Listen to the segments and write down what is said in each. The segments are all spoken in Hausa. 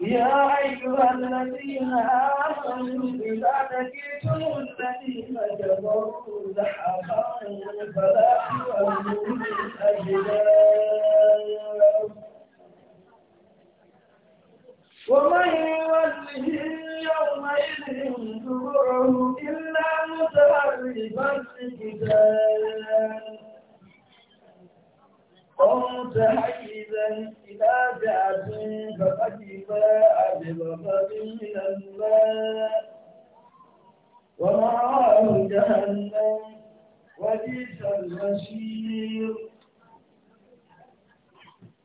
يا أيها الذين آمنوا إذا لقيتم الذين كفروا زحفا فلا تولوا الأجداد ومن يوله يومئذ دبره إلا متحرفا لقتال قمت حيزا إلى جعة فقد باء بغضب من الماء ومعاه جهنم وبئس المصير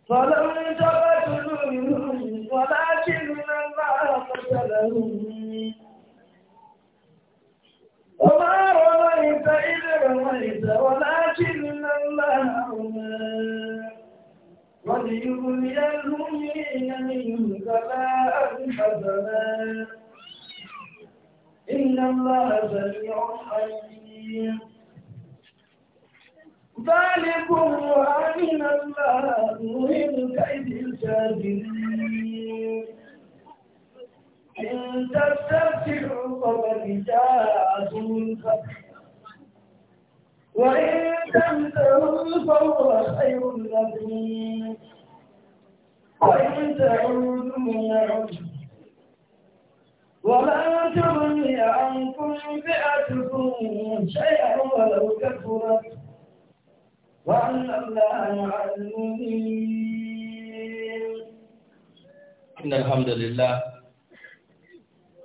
فلم تقتلوهم ولكن الله قتلهم وما رميت إذ رميت ولكن الله رمى وليبلي المؤمنين منك بلاء حسنا إن الله سميع عليم ذلكم وأن الله مهم كيد الكافرين إن تستفتحوا فقد جاءكم الفتح وإن تنتهوا فهو خير لكم وإن تعودوا يعد وما تغني عنكم فئتكم شيئا ولو كثرت وأن الله مع المؤمنين إن الحمد لله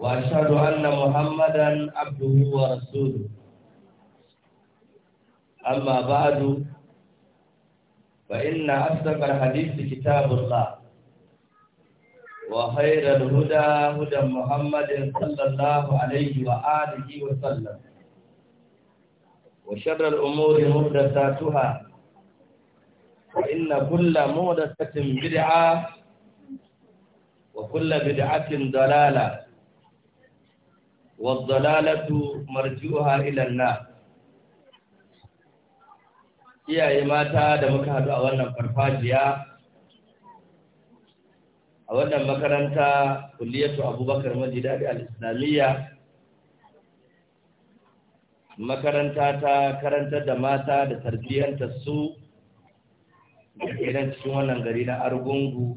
وأشهد أن محمدا عبده ورسوله أما بعد فإن أصدق الحديث كتاب الله وخير الهدى هدى محمد صلى الله عليه وآله وسلم وشر الأمور محدثاتها وإن كل محدثة بدعة وكل بدعة ضلالة wadzalalatu marjuha ila an iyaye mata da muka haɗu a wannan farfajiya a wannan makaranta kulliyatu abubakar majidadi al-islamiyya makaranta ta karantar da mata da tarbiyyanta su idan cikin wannan gari na argungu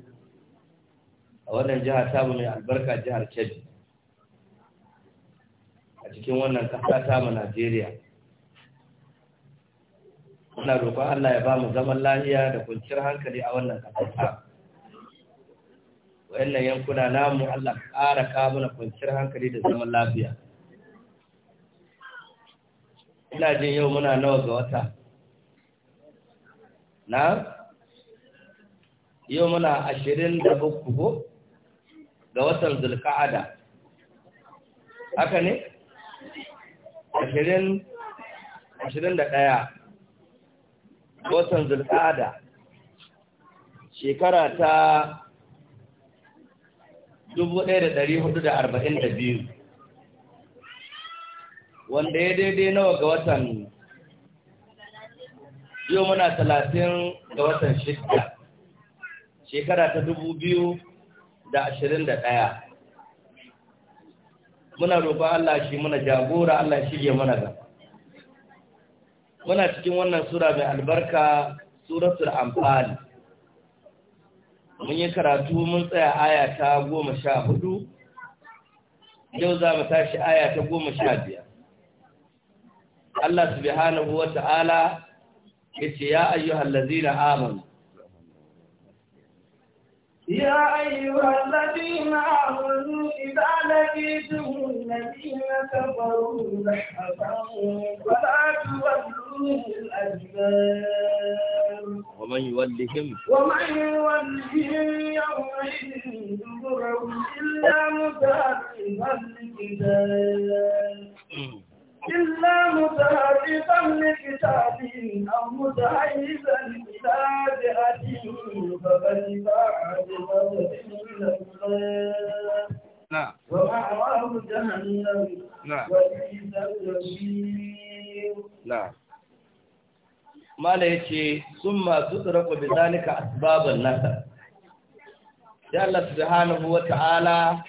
a wannan jihar tamu mai albarka jihar kebbi cikin wannan kasa ta mu Najeriya muna roƙon Allah ya ba mu zaman lafiya da kunciyar hankali a wannan wa wayannan yankuna namu Allah ƙara ka mana kwanciyar hankali da zaman lafiya ina jin yau muna nawa ga wata na yau muna ashirin da bukuku ga watan zulka'ada haka ne ashirin da ɗaya watan zulƙada shekara ta dubu ɗaya da ɗari hudu da arba'in da biyu wanda ya daidai nawa ga watan yau muna talatin ga watan shidda shekara ta dubu biyu da ashirin da ɗaya muna roƙon Allah shi muna jagora Allah shi ya mana ga muna cikin wannan sura mai albarka suratul anfal mun yi karatu mun tsaya aya ta goma sha hudu yau za mu tashi aya ta goma sha biyar Allah subhanahu wa ta'ala ya ce ya ayyuhallazina amanu يا أيها الذين آمنوا إذا لقيتم الذين كفروا زحفا فلا تولوه الأدبار ومن يولهم ومن يولهم يومئذ دبره إلا متعبا للقتال إلا متهرفا لكتاب أو متحيزا إلى فئة فقد باع بغضب لولا Mala ya ce, Sun masu tsiraku bi zalika asbabin nasa, Ya Allah su wa ta'ala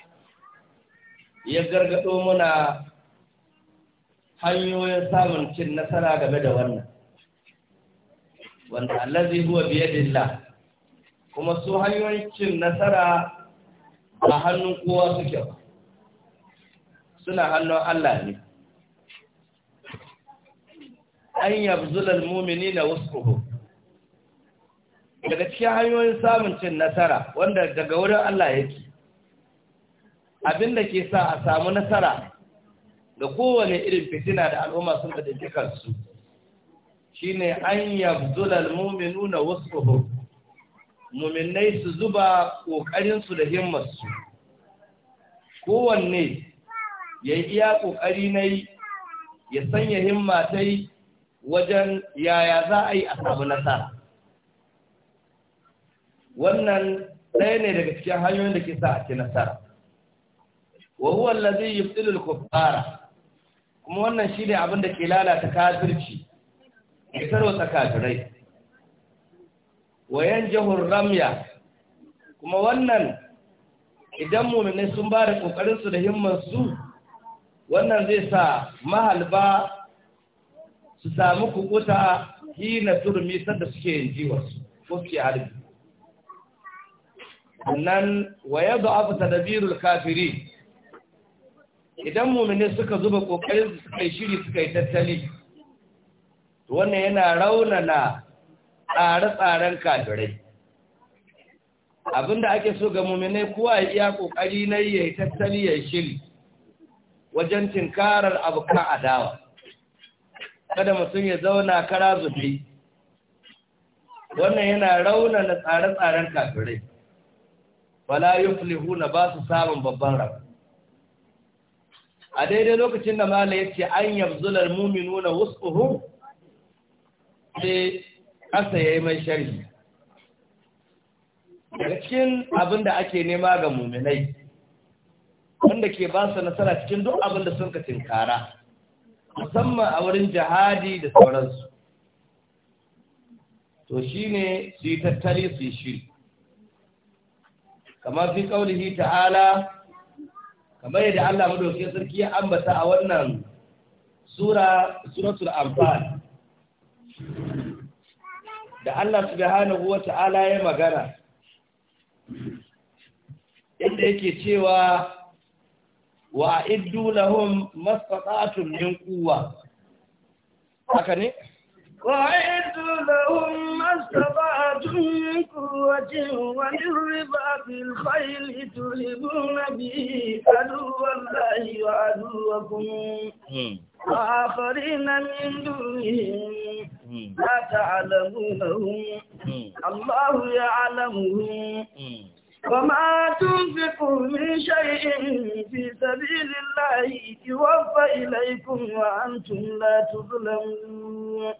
ya gargaɗo muna hanyoyin samun cin nasara game da wannan wanda allazi huwa biyadillah kuma su hanyoyin cin nasara a hannun kowa suke ba suna hannun Allah ne an yabzulal mu'minina wasfuhu daga cikin hanyoyin samun cin nasara wanda daga wurin Allah yake abinda ke sa a samu nasara Da kowane irin fitina da al'umma sun da kansu shi shine an na wasu wasfuhum mu'minai su zuba ƙoƙarinsu da himmarsu, kowanne ya iya kokari yi ya sanya himma yi wajen yaya za a yi a samu nasara wannan ɗaya ne daga cikin hanyoyin da ke sa a ci nasara wa huwa allazi yi kuffara kuma wannan shi ne abin da ke lalata kafirci ya tarwata kafirai wayan jihun ramya kuma wannan idan mummune sun ba da ƙoƙarinsu da himmansu wannan zai sa mahalba su sami kukuta hina turmi sadda suke yin jiwarsu ko suke harbi Nan waya da abu ta tadabirul kafiri idan muminai suka zuba kokarin su suka yi shiri suka yi tattali wannan yana raunana tsare-tsaren kafirai abinda ake so ga muminai, kowa ya iya kokari na yi ya yi tattali ya yi shiri wajen tinkarar abokan adawa kada mutum ya zauna kara zufi wannan yana raunana tsare-tsaren kafirai fala na ba su samun babban rabu a daidai lokacin da mala ya ce an yabzular muminu nuna wasu sai ƙasa ya yi mai sharhi daga cikin abin da ake nema ga muminai wanda ke ba su nasara cikin duk abin da sun ka tinkara musamman a wurin jihadi da sauransu to shi ne su yi tattali su yi shiri kamar fi ƙaunihi ta'ala kamar yadda Allah madaukakin sarki ya ambata a wannan sura suratul anfal da Allah subhanahu wata'ala ya magana inda yake cewa wa iddu lahum mastata'atun min quwwa haka ne وأعد لهم ما استطعتم من قوة ومن رباط الخيل ترهبون به عدو الله وعدوكم وآخرين من دونهم لا تعلمونهم الله يعلمهم وما تنفقوا من شيء في سبيل الله يوفى إليكم وأنتم لا تظلمون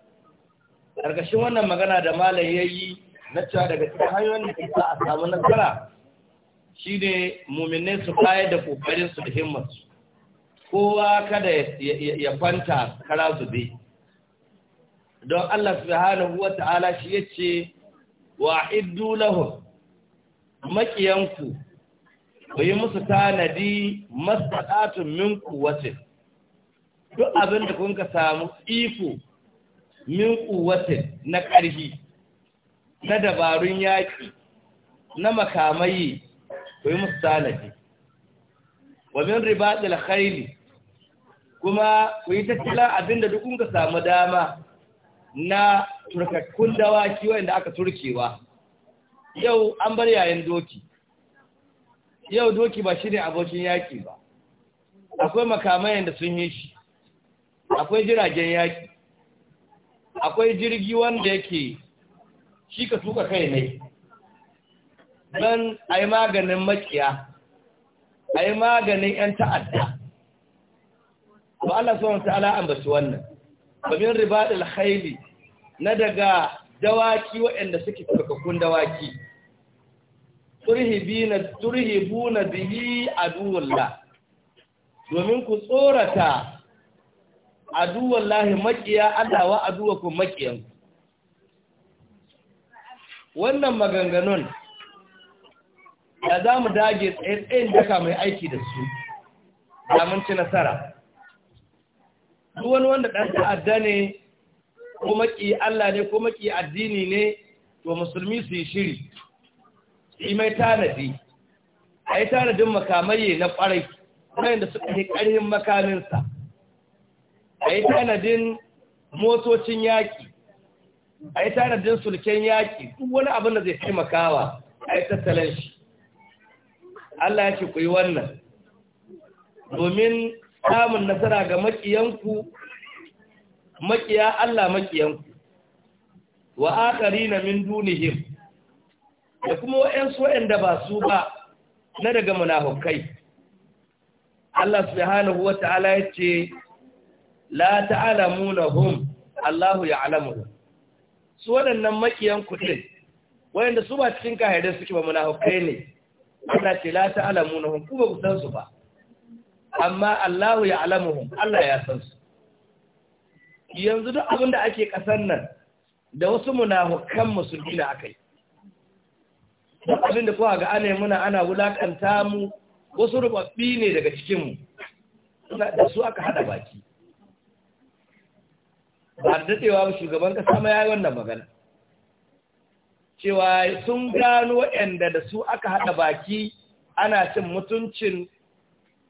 ƙarƙashin wannan magana da malam ya yi na cewa daga cikin hanyoyin da ke sa a samu nasara shi ne muminai su kayar da ƙoƙarinsu da himmatu, kowa kada ya kwanta kara zube don Allah subhanahu huwa ta'ala shi ya ce wa iddu lahum maƙiyanku ku yi musu tanadi mastaɗatun minku wace duk abin da kun ka samu iko min kuwatin na ƙarfi na dabarun yaƙi na makamai ku yi musu tanadi wa min ribatil khayli kuma ku yi tattalin abinda duk kun ka samu dama na turkakkun dawaki wanda aka turkewa yau an bar yayin doki yau doki ba shi ne abokin yaƙi ba akwai makamai da sun yi shi akwai jiragen yaƙi akwai jirgi wanda yake shi ka tuka kai ne don a yi maganin makiya a yi maganin 'yan ta'adda ba Allah sauran ta'ala an basu wannan babin ribaɗin haili na daga dawaki waɗanda suke turkakun dawaki turhibu na bihi a duwulla domin ku tsorata aduwan lahi makiya Allah wa aduwa kun makiyan wannan maganganun da za mu dage tsaye-tsayen daga mai aiki da su mun ci nasara wani wanda ɗan ta'adda ne ko maki Allah ne ko maki addini ne to musulmi su yi shiri su yi mai tanadi a yi tanadin makamai na ƙwarai wanda suka yi ƙarhin makaminsa a yi tanadin motocin yaƙi a yi tanadin sulken yaƙi duk wani abin da zai taimakawa a yi tattalin shi Allah ya ce ku yi wannan domin samun nasara ga maƙiyanku maƙiya Allah makiyanku wa akari na min dunihim da kuma wa'yansu wa'yanda ba su ba na daga munafukai Allah subhanahu wa ta'ala ya ce la ta'lamunahum Allahu alamu! su waɗannan makiyan kudin wayanda su ba cikin kahire suke ba munafikai ne Allah ce la ta'lamunahum ku ba ku san su ba amma Allahu ya'lamuhum Allah ya san su yanzu duk abin da ake kasan nan da wasu munafikan musulmi da akai abin da kowa ga ana muna ana wulakanta mu wasu rubabbi ne daga cikin mu da su aka hada baki ba da daɗewa ba shugaban kasa ma ya yi wannan magana cewa sun gano waɗanda da su aka haɗa baki ana cin mutuncin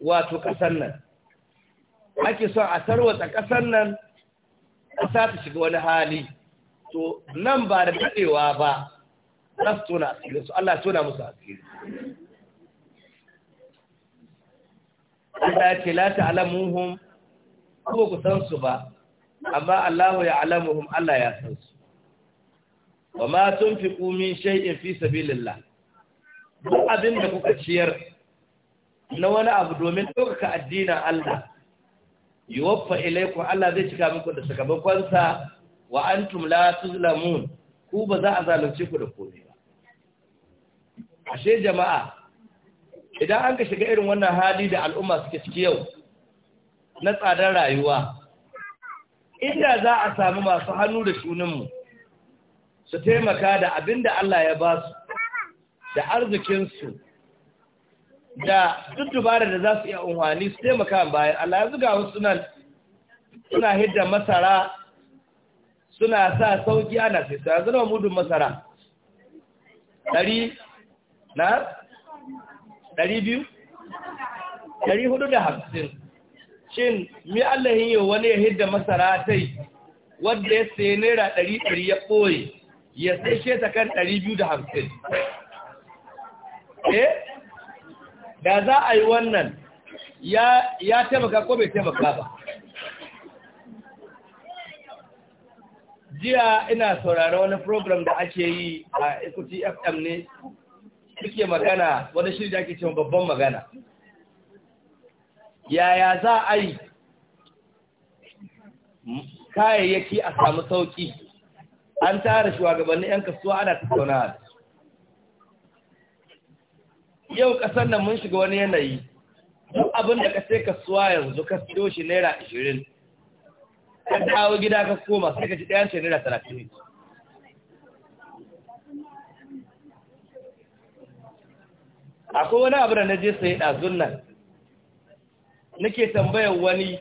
wato ƙasar nan ake son a tarwata ƙasar nan ƙasa ta shiga wani hali to nan ba da daɗewa ba za su tona asiri su Allah tona musu asiri Allah ya ce la ta'lamuhum ko ku san su ba amma Allah ya alamuhum Allah ya san su wa ma tunfiqu min shay'in fi sabilillah duk abin da kuka ciyar na wani abu domin ɗaukaka addinin Allah yuwaffa ilaiku Allah zai cika muku da sakamakon sa wa antum la tuzlamun ku ba za a zalunce ku da komai ba ashe jama'a idan an ka shiga irin wannan hali da al'umma suke ciki yau na tsadar rayuwa inda za a sami masu hannu da shuninmu su taimaka da abin da Allah ya ba su da arzikinsu da duk dubara da za su iya unwani su taimaka bayan Allah ya zuga wasu nan suna hidda masara suna sa sauki ana sai sa zama mudun masara ɗari na ɗari biyu ɗari hudu da hamsin shin mi Allah yin wani ya hidda masara tai wanda ya sayi naira ɗari ɗari ya ɓoye ya sai she ta kan ɗari biyu da hamsin eh da za a yi wannan ya taimaka ko bai taimaka ba jiya ina saurara wani program da ake yi a ikuti fm ne suke magana wani shirya ake cewa babban magana yaya za a yi kayayyaki a samu sauƙi an tara shugabannin 'yan kasuwa ana tattauna yau ƙasar nan mun shiga wani yanayi duk abin da ka sai kasuwa yanzu ka siyo shi naira ashirin ka dawo gida ka koma sai ka ci ɗayan shi naira talatin akwai wani abu da na je sai ɗazun nan nake tambayar wani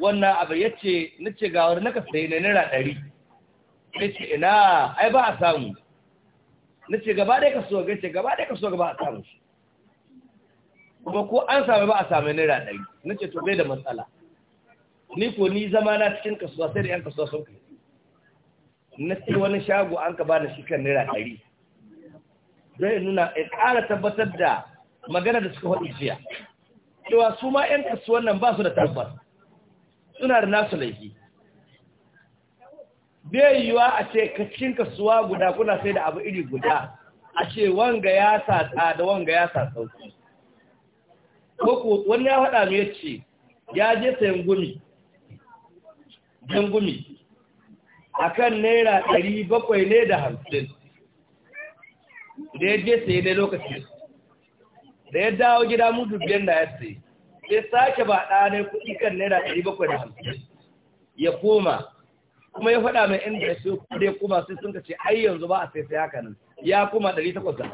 wannan abu ya ce na ce ga wani naka sai na naira ɗari ya ce ina ai ba a samu na ce gaba ɗaya ka so ga ce gaba ɗaya ka so gaba a samu shi kuma ko an sami ba a sami naira ɗari na ce to bai da matsala ni ko ni zama na cikin kasuwa sai da yan kasuwa sun kai na ce wani shago an ka bani shi kan naira ɗari zai nuna ya ƙara tabbatar da magana da suka faɗi jiya cewa su ma 'yan kasuwan nan ba su da tabbas suna da nasu laifi bai yiwa a ce kacin kasuwa guda kuna sai da abu iri guda a ce wanga ya sa da wanga ya sa sauki koko wani ya faɗa mai ce ya je sayan gumi jan gumi a kan naira ɗari bakwai ne da hamsin da ya je sayi dai lokacin da ya dawo gida mu biyan da ya sai sai sake ba ne kuɗi kan naira ɗari bakwai da hamsin ya koma kuma ya faɗa mai inda ya siyo kuɗi koma sai sun ka ai yanzu ba a sai sai haka nan ya koma ɗari takwas da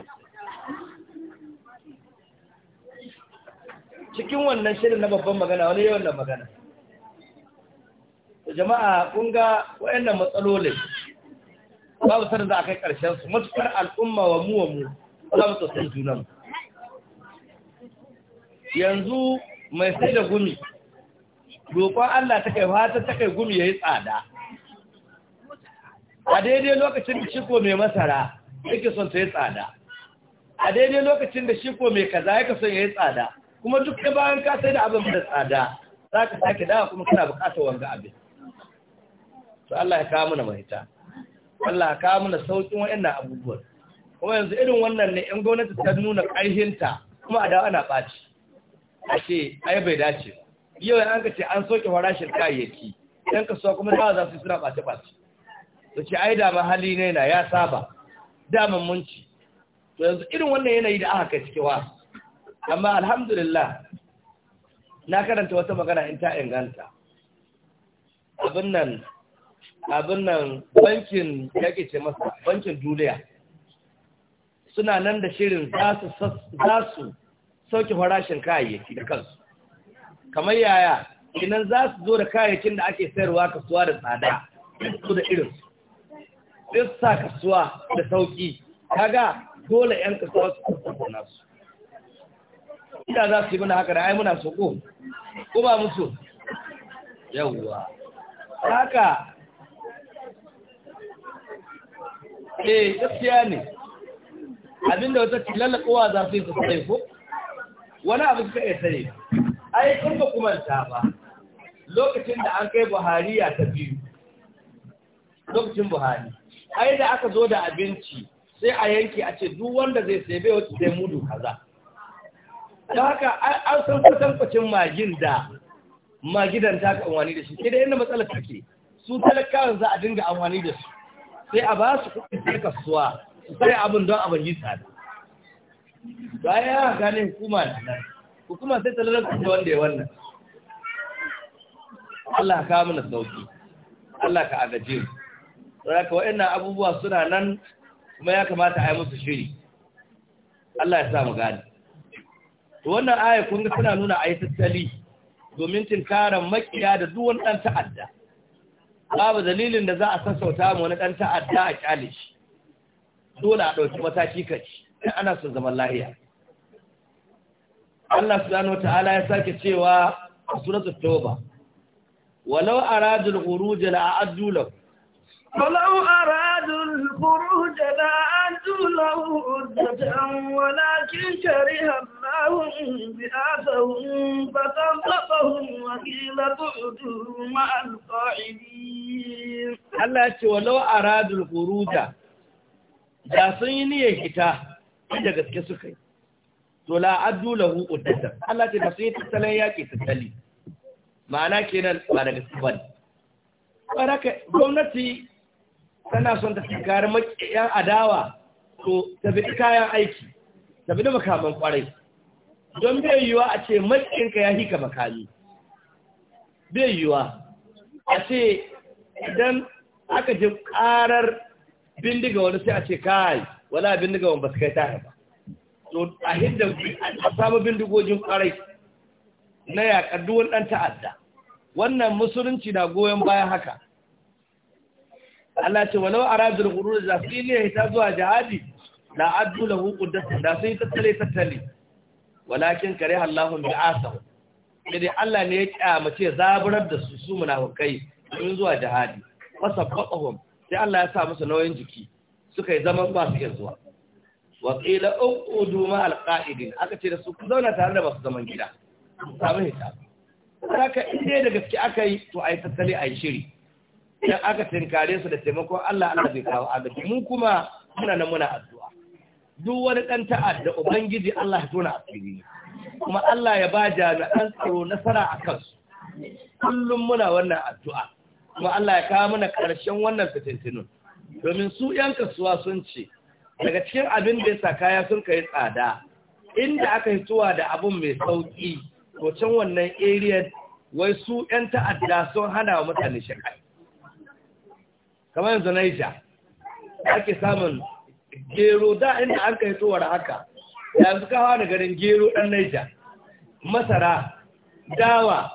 cikin wannan shirin na babban magana wani yawan da magana jama'a kun ga waɗannan matsalolin babu sanar da aka yi ƙarshen su matukar al'umma wa mu wa mu za mu tsotsar junanmu yanzu mai sai da gumi roƙon Allah ta kai fata ta kai gumi ya yi tsada a daidai lokacin da shiko mai masara yake son ta yi tsada a daidai lokacin da shiko mai kaza yake son ya yi tsada kuma duk da bayan ka sai da abin da tsada za ka sake dawa kuma kana bukatar wanga abin to Allah ya kawo mana mahita Allah ya kawo mana sauƙin wayannan abubuwan kuma yanzu irin wannan ne 'yan gwamnati ta nuna ƙarhinta kuma a dawo ana ɓaci a ce ai bai dace yau an ka ce an soke farashin kayayyaki yan kasuwa kuma da za su suna ɓace ɓace to ce ai ba hali ne na ya saba daman munci to yanzu irin wannan yanayi da aka kai cikewa amma alhamdulillah na karanta wata magana in ta inganta abin nan abin nan bankin yake ce masa bankin duniya suna nan da shirin za su sauki farashin kayayyaki da kansu kamar yaya idan za su zo da kayayyakin da ake sayarwa kasuwa da tsada su da irinsu sai su sa kasuwa da sauki kaga dole 'yan kasuwa su da su ina za su yi muna haka da ai muna soko ko ba musu yawwa haka eh gaskiya ne abinda wata lalakowa za su yi su sai ko wani abu suka iya ne, ai kun ba kumanta ba lokacin da an kai buhari ya ta biyu lokacin buhari ai da aka zo da abinci sai a yanki a ce duk wanda zai sai bai wata sai mudu kaza da haka an san kusan kwacin magin da magidan ta ka amfani da shi sai da inda matsalar take su talakawan za a dinga amfani da su sai a ba su kuɗi kasuwa su sai abin don abin yi tsada bayan ya gane hukuma na nan hukuma sai ta lalata wanda ya wannan Allah ka mana sauki Allah ka agaje mu haka wayannan abubuwa suna nan kuma ya kamata a yi musu shiri Allah ya sa mu gane to wannan aya kun ga suna nuna ayi tattali domin tinkaran makiya da duwan ɗan dan ta'adda babu dalilin da za a sassauta mu wani dan ta'adda a kyale shi dole a dauki mataki kaci in ana son zaman lahiya Allah subhanahu ta'ala ya sake cewa a suratul tauba walau aradul khuruj la a'addu lahu walau aradul khuruj la a'addu lahu uddatan walakin kariha Allahum bi'athahum fatamtahum wa qila tu'du ma'al qa'idin Allah ya ce walau aradul khuruj da sun yi niyyar hita da gaske suka yi to la addu lahu uddata Allah ce ba su yi tattalin yaki tattali ma'ana kenan ba da gaske ba. baraka gwamnati tana son ta kare maƙiyan adawa to ta bi kayan aiki ta bi da makaman kwarai don bai yiwa a ce ka ya hika makami bai yiwa a ce idan aka ji karar bindiga wani sai a ce kai wala wani ba su kai ta ba to a hidda a samu bindigogin ƙwarai na yaƙar duwan ɗan ta'adda wannan musulunci na goyon bayan haka Allah ce nawa a rajin hudu da zafi ne hita zuwa jihadi na addu da hukun da sun yi tattale tattale walakin kare Allahun bi asau dai Allah ne ya kyamace zaburar da su su munafukai domin zuwa jihadi wasa sai Allah ya sa musu nauyin jiki suka yi zaman ba su iya zuwa wakila uqudu ma alƙa'idin aka ce da su ku zauna tare da masu zaman gida samu ta haka inda da gaske aka yi to ai tattali yi shiri dan aka tinkare su da taimakon Allah Allah zai kawo agaji mu kuma muna nan muna addu'a duk wani dan ta'adda ubangiji Allah ya tona asiri kuma Allah ya ba jami'an tsaro nasara a kansu. kullum muna wannan addu'a kuma Allah ya kawo mana karshen wannan fitintinun domin su ‘yan kasuwa sun ce daga cikin abin da ya sa kaya sun kai tsada inda aka hituwa da abin mai sauƙi ko can wannan area wai su ‘yan ta'adda sun hana wa mutane shakai kamar yanzu naija ake samun gero da inda an kai da haka yanzu kawa da garin gero ɗan naija masara dawa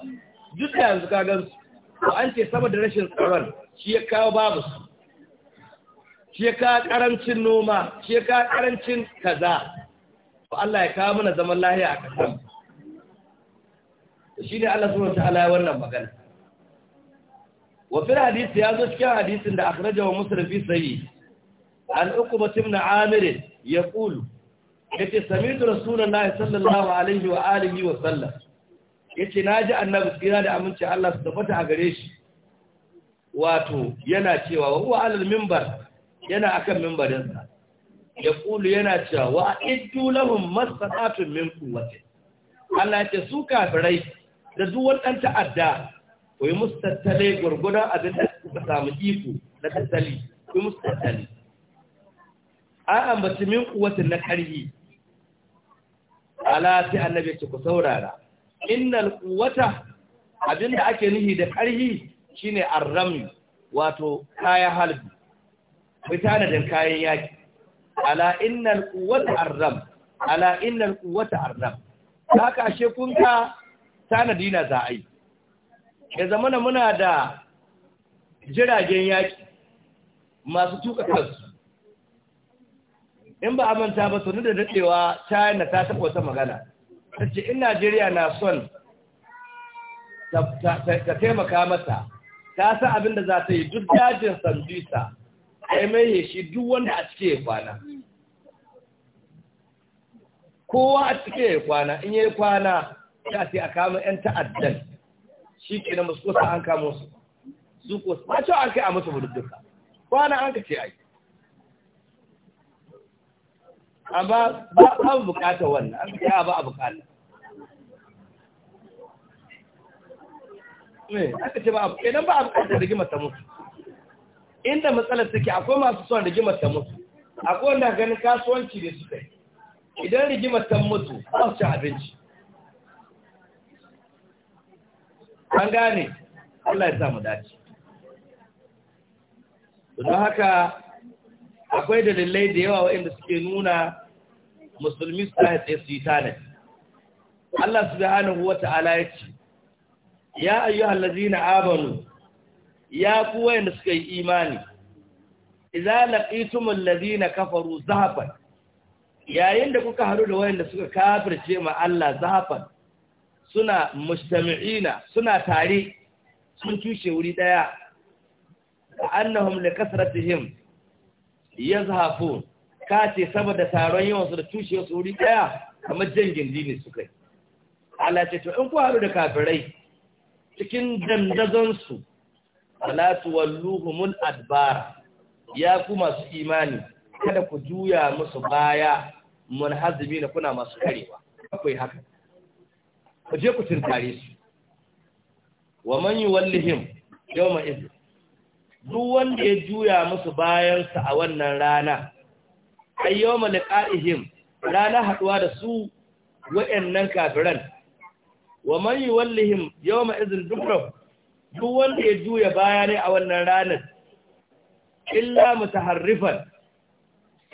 duk da yanzu ko an ce da rashin tsaron shi ya kawo babu su shi ka karancin noma shi ka karancin kaza to Allah ya kawo mana zaman lahiya a kasan shi ne Allah subhanahu ta'ala ya wannan magana wa fil hadisi ya zo cikin hadisin da wa muslim fi sahihi an uqba ibn amir yaqulu yace sami'tu rasulullahi sallallahu alaihi wa alihi wa sallam yace naji annabi kira da aminci Allah su tabbata a gare shi wato yana cewa wa huwa alal minbar yana akan mimbarinsa ya kulu yana cewa wa iddu lahum mastata'atun min quwwati Allah ya su kafirai da duk wannan ta'adda ko yi musu tattale gurgudan abin da suka samu iko na tattali ko musu a an ambaci min quwwati na karhi ala ta annabi ce ku saurara innal quwwata abinda ake nihi da karhi shine arrami wato kaya halbi bi tanadin kayan yaki ala innal quwwata arram ala innal quwwata arram haka she kun ka tanadi na za ai ke muna da jiragen yaki masu tuka kansu in ba a manta ba sunu da dadewa China ta taɓa wata magana ta in Najeriya na son ta taimaka masa, ta sa abin da za ta yi duk dajin sandisa a yi shi duk wanda a cike ya kwana kowa a cike ya kwana in ya kwana ya sai a kama 'yan ta'addan shi ke na musu an kama su su ko ba ce an kai a musu budurduka kwana an ka ce ai amma ba a bukata wannan eh, an kai ba a ne aka ce ba a da gima ta mutu inda matsalar take akwai masu son rigimar ta mutu akwai wanda ganin kasuwanci da suka yi. idan rigimar ta mutu ba su abinci an gane Allah ya sa mu dace don haka akwai dalilai da yawa waɗanda suke nuna musulmi su ta tsaye su yi tanadi Allah subhanahu wata'ala ya ce ya ayyuhal ladzina amanu ya ku wayanda suka yi imani idza laqitumul ladina kafaru zahaban yayin da kuka haru da wayanda suka kafirce ma Allah zahaban suna mustami'ina suna tare sun tushe wuri daya annahum kasratihim yazhafun kace saboda taron yawan su da tushe su wuri daya kamar jangin dini suka yi Allah ce to in ku haru da kafirai cikin dandazon su wala tuwalluhumul adbar ya ku masu imani kada ku juya musu baya munhazimi na kuna masu karewa akwai haka ku je ku tintare su wa man yuwallihim yawma idh duk wanda ya juya musu bayansa a wannan rana ay yawma liqa'ihim rana haduwa da su wa'annan kafiran wa man yuwallihim yawma duk dukra duk wanda ya juya baya ne a wannan ranar illa mutaharrifan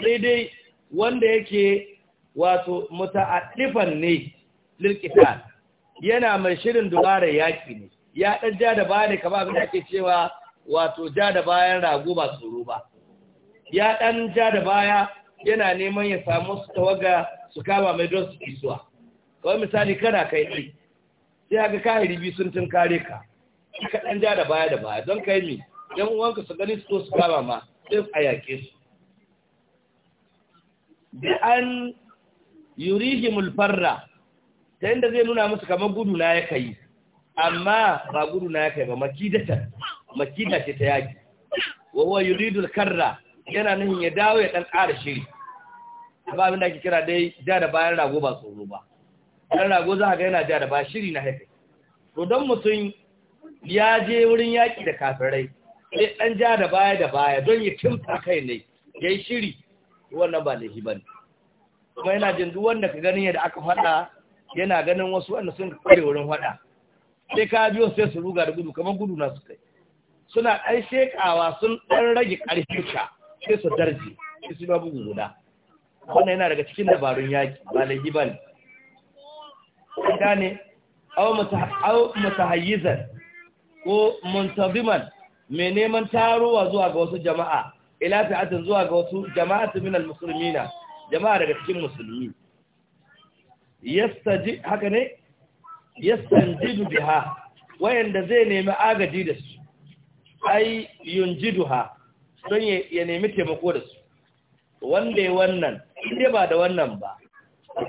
sai dai wanda yake wato muta'addifan ne lilqital yana mai shirin dubara yaki ne ya dan ja da baya ne kamar abin da ake cewa wato ja da bayan rago ba tsoro ba ya dan ja da baya yana neman ya samu su tawaga su kama mai don su kisuwa kawai misali kana kai ɗai sai haka kahiri biyu sun tun kare ka ka ɗan ja da baya da baya don kai mi yan uwanka su gani su su kama ma sai a yaƙe su da an yurihi mulfarra ta yadda zai nuna musu kamar gudu na ya kai amma ba gudu na ya kai ba makidata makida ce ta yaƙi wawa huwa yuridul karra yana nuhin ya dawo ya ɗan ƙara shiri ba abin da ake kira dai ja da bayan rago ba tsoro ba ɗan rago za a ga yana ja da ba shiri na haifai to don mutum ya je wurin yaƙi da kafirai sai ɗan ja da baya da baya don ya kimta kai ne ya yi shiri wannan ba laifi ba ne kuma yana jin duk wanda ka ganin yadda aka faɗa yana ganin wasu wanda sun kware wurin faɗa sai ka biyo sai su ruga da gudu kamar gudu na su kai suna ɗan shekawa sun ɗan rage ƙarfin ka sai su darje sai su ba bugu guda wannan yana daga cikin dabarun yaƙi ba laifi ba ne gane aw mutahayyizan ko muntaziman mai neman taruwa zuwa ga wasu jama'a ila fi'atin zuwa ga wasu jama'atu minal muslimina jama'a daga cikin musulmi yastaji haka ne yastanjidu biha wayanda zai nemi agaji da su ai yunjiduha don ya nemi taimako da su wanda ya wannan inda ba da wannan ba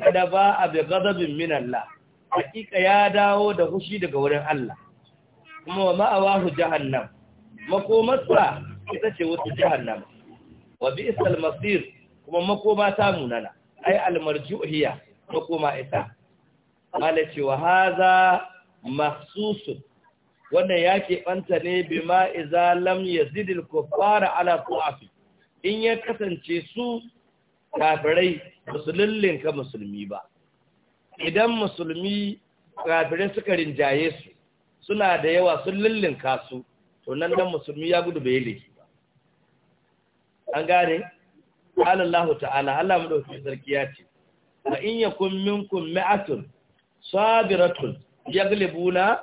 kada ba a bi gazabin min Allah hakika ya dawo da hushi daga wurin Allah kuma wa ma'awahu jahannam makomarsa ita ce wata jahannam wa bi'sal masir kuma makoma ta munana ai almarjuhiya makoma ita ala ce wa haza mahsusun wannan ya keɓanta ne bima iza lam yazidil kuffara ala tu'afi in ya kasance su kafirai musulullin ka musulmi ba idan musulmi kafirai suka rinjaye su suna da yawa sun lullunka su to nan dan musulmi ya gudu bai laifi ba an gane Allahu ta'ala Allah mu dauki sarki ya ce A in yakun minkum mi'atun sabiratun yaglibuna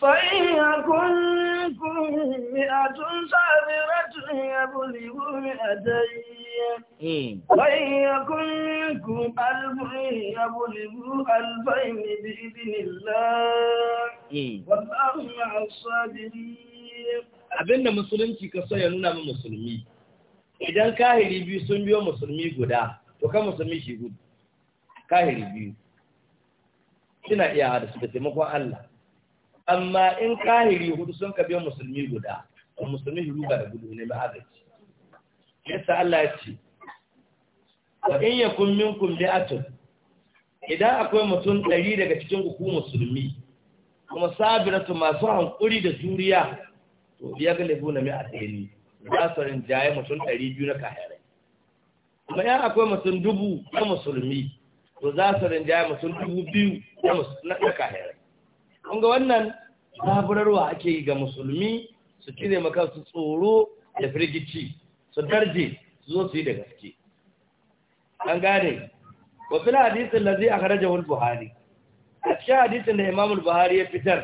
fa in yakun minkum mi'atun sabiratun yaglibuna adai وإن منكم ألف يغلبوا ألفين بإذن الله والله مع الصابرين abin da musulunci ka so ya nuna min musulmi idan kahiri biyu sun biyo musulmi guda to kan musulmi shi gudu kahiri biyu suna iya da su da taimakon Allah amma in kahiri hudu sun ka biyo musulmi guda to musulmi shi ruga da gudu ne ba agaji yasa Allah ya ce wa in yakun minkum bi'atun idan akwai mutum ɗari daga cikin uku musulmi kuma sabiratu masu hankuri da juriya to ya ga labu na ne, za su rinjaye mutum ɗari biyu na kahirai kuma yan akwai mutum dubu na musulmi to za su rinjaye mutum dubu biyu na kahirai kun ga wannan zaburarwa ake yi ga musulmi su cire maka su tsoro da firgici su darje su zo su yi da gaske an gane wa da hadisin a akhrajahu wani buhari a cikin hadisin da Imamul buhari ya fitar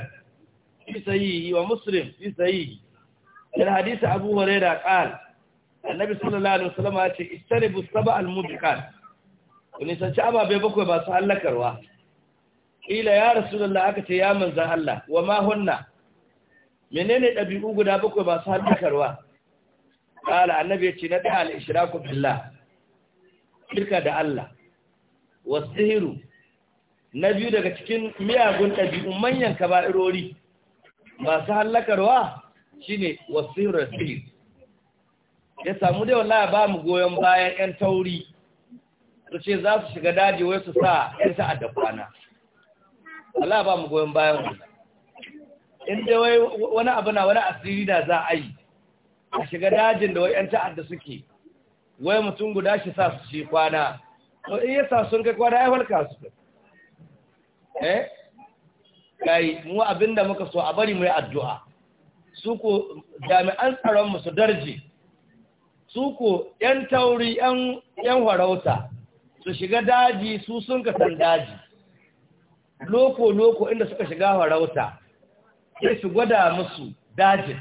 fi sayi wa muslim fi yana dan abubuwan abu da kal annabi sallallahu alaihi wasallam ya ce istaribu sab'a al-mubiqat kuni sanci ababe bakwai masu hallakarwa ya rasu aka ce ya manzan Allah wa ma hunna menene ɗabi'u guda bakwai masu hallakarwa ƙala annabi ya ce na ɗaya al'ishiraku billa, shirka da Allah wasu na biyu daga cikin miyagun ɗabi'un manyan kaba'irori masu hallakarwa ne wasu hiru da sihir ya samu dai wallahi ba mu goyon bayan 'yan tauri su ce za su shiga daji wai su sa 'yan sa'adda kwana Allah ba mu goyon bayan wani in dai wani abu na wani asiri da za a yi a shiga dajin da wai 'yan ta'adda suke wai mutum guda shi sa su shi kwana to iya sa sun kai kwana ya halka su eh kai mu abinda muka so a bari mu yi addu'a su ko jami'an tsaron mu su darje su ko 'yan tauri 'yan 'yan farauta su shiga daji su sun ka san daji loko loko inda suka shiga farauta sai su gwada musu dajin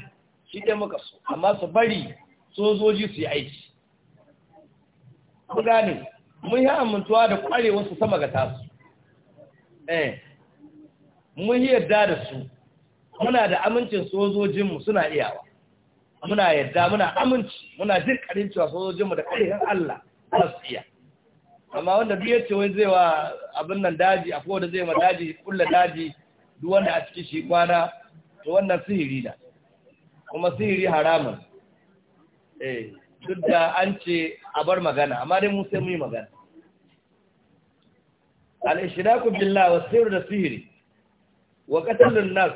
shi dai muka so amma su bari sojoji su yi aiki ku gane mun yi amintuwa da su sama ga tasu eh mun yi yarda da su muna da amincin sojojinmu suna iyawa muna yarda muna aminci muna jin karin cewa sojojinmu da ƙarin Allah za su iya amma wanda duk yace wai zai wa abin nan daji a wanda zai ma daji kullu daji duk wanda a ciki shi kwana to wannan sihiri na kuma sihiri haramun eh duk da an ce a bar magana amma dai mu sai mu yi magana al-ishraku billah wa sirru da sihiri wa qatlun nas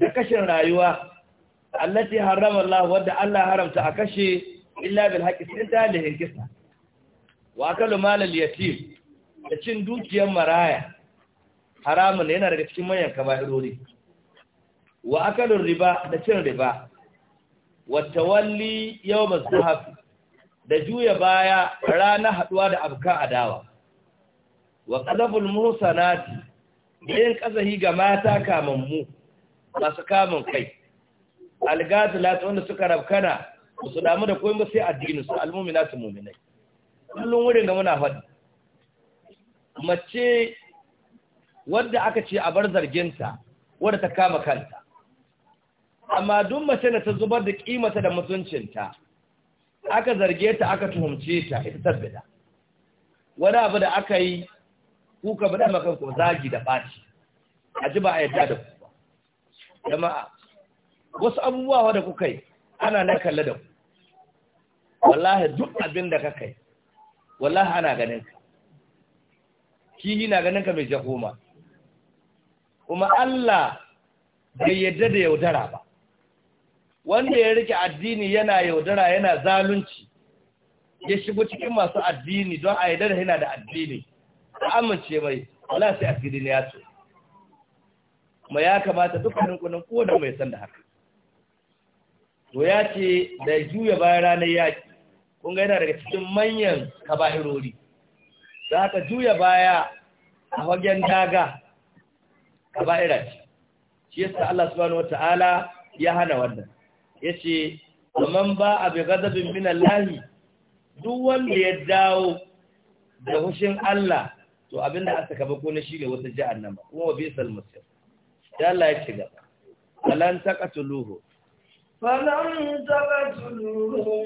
da kashin rayuwa allati harrama Allah wadda Allah haramta a kashe illa bil haqqi sai ta da hinkisa wa akalu malal yatim da cin dukiyar maraya haramun yana daga cikin manyan kaba'irori wa akalin riba da cin riba wata walli yau masu da juya baya rana haduwa da abka adawa wa ƙazafin musanati yin kazahi ga mata kamammu masu kamun kai algazilata wanda suka rabkana su damu da koyon sai addini su al su muminai kullum wurin da muna faɗi mace wadda aka ce a bar zarginta wadda ta kama kanta amma duk mace da ta zubar da kimata da mutuncinta aka zarge ta aka tuhumce ta ita tabbata wani abu da aka yi kuka bada makan ko zagi da baci a ji ba a yadda da ku ba jama'a wasu abubuwa wanda kuka yi ana na kalle da ku wallahi duk abin da kaka yi wallahi ana ganin ka kihi na ganin ka mai jahoma kuma Allah bai yadda da yaudara ba wanda ya rike addini yana yaudara yana zalunci ya shigo cikin masu addini don a yadda yana da addini ta amince mai wala sai addini ya ce ma ya kamata dukkanin kunan kowane mai san da haka to ya ce da juya bayan ranar yaƙi kun ga yana daga cikin manyan kabahirori da haka juya baya a wajen daga kaba'ira ce shi yasa Allah subhanahu wata'ala ya hana wannan yace zaman ba a bi gadabin min Allah duk wanda ya dawo da hushin Allah to abinda aka kaba ko na shi ne wata ba kuma bi sal musir da Allah ya shiga falan taqatuluhu falan taqatuluhu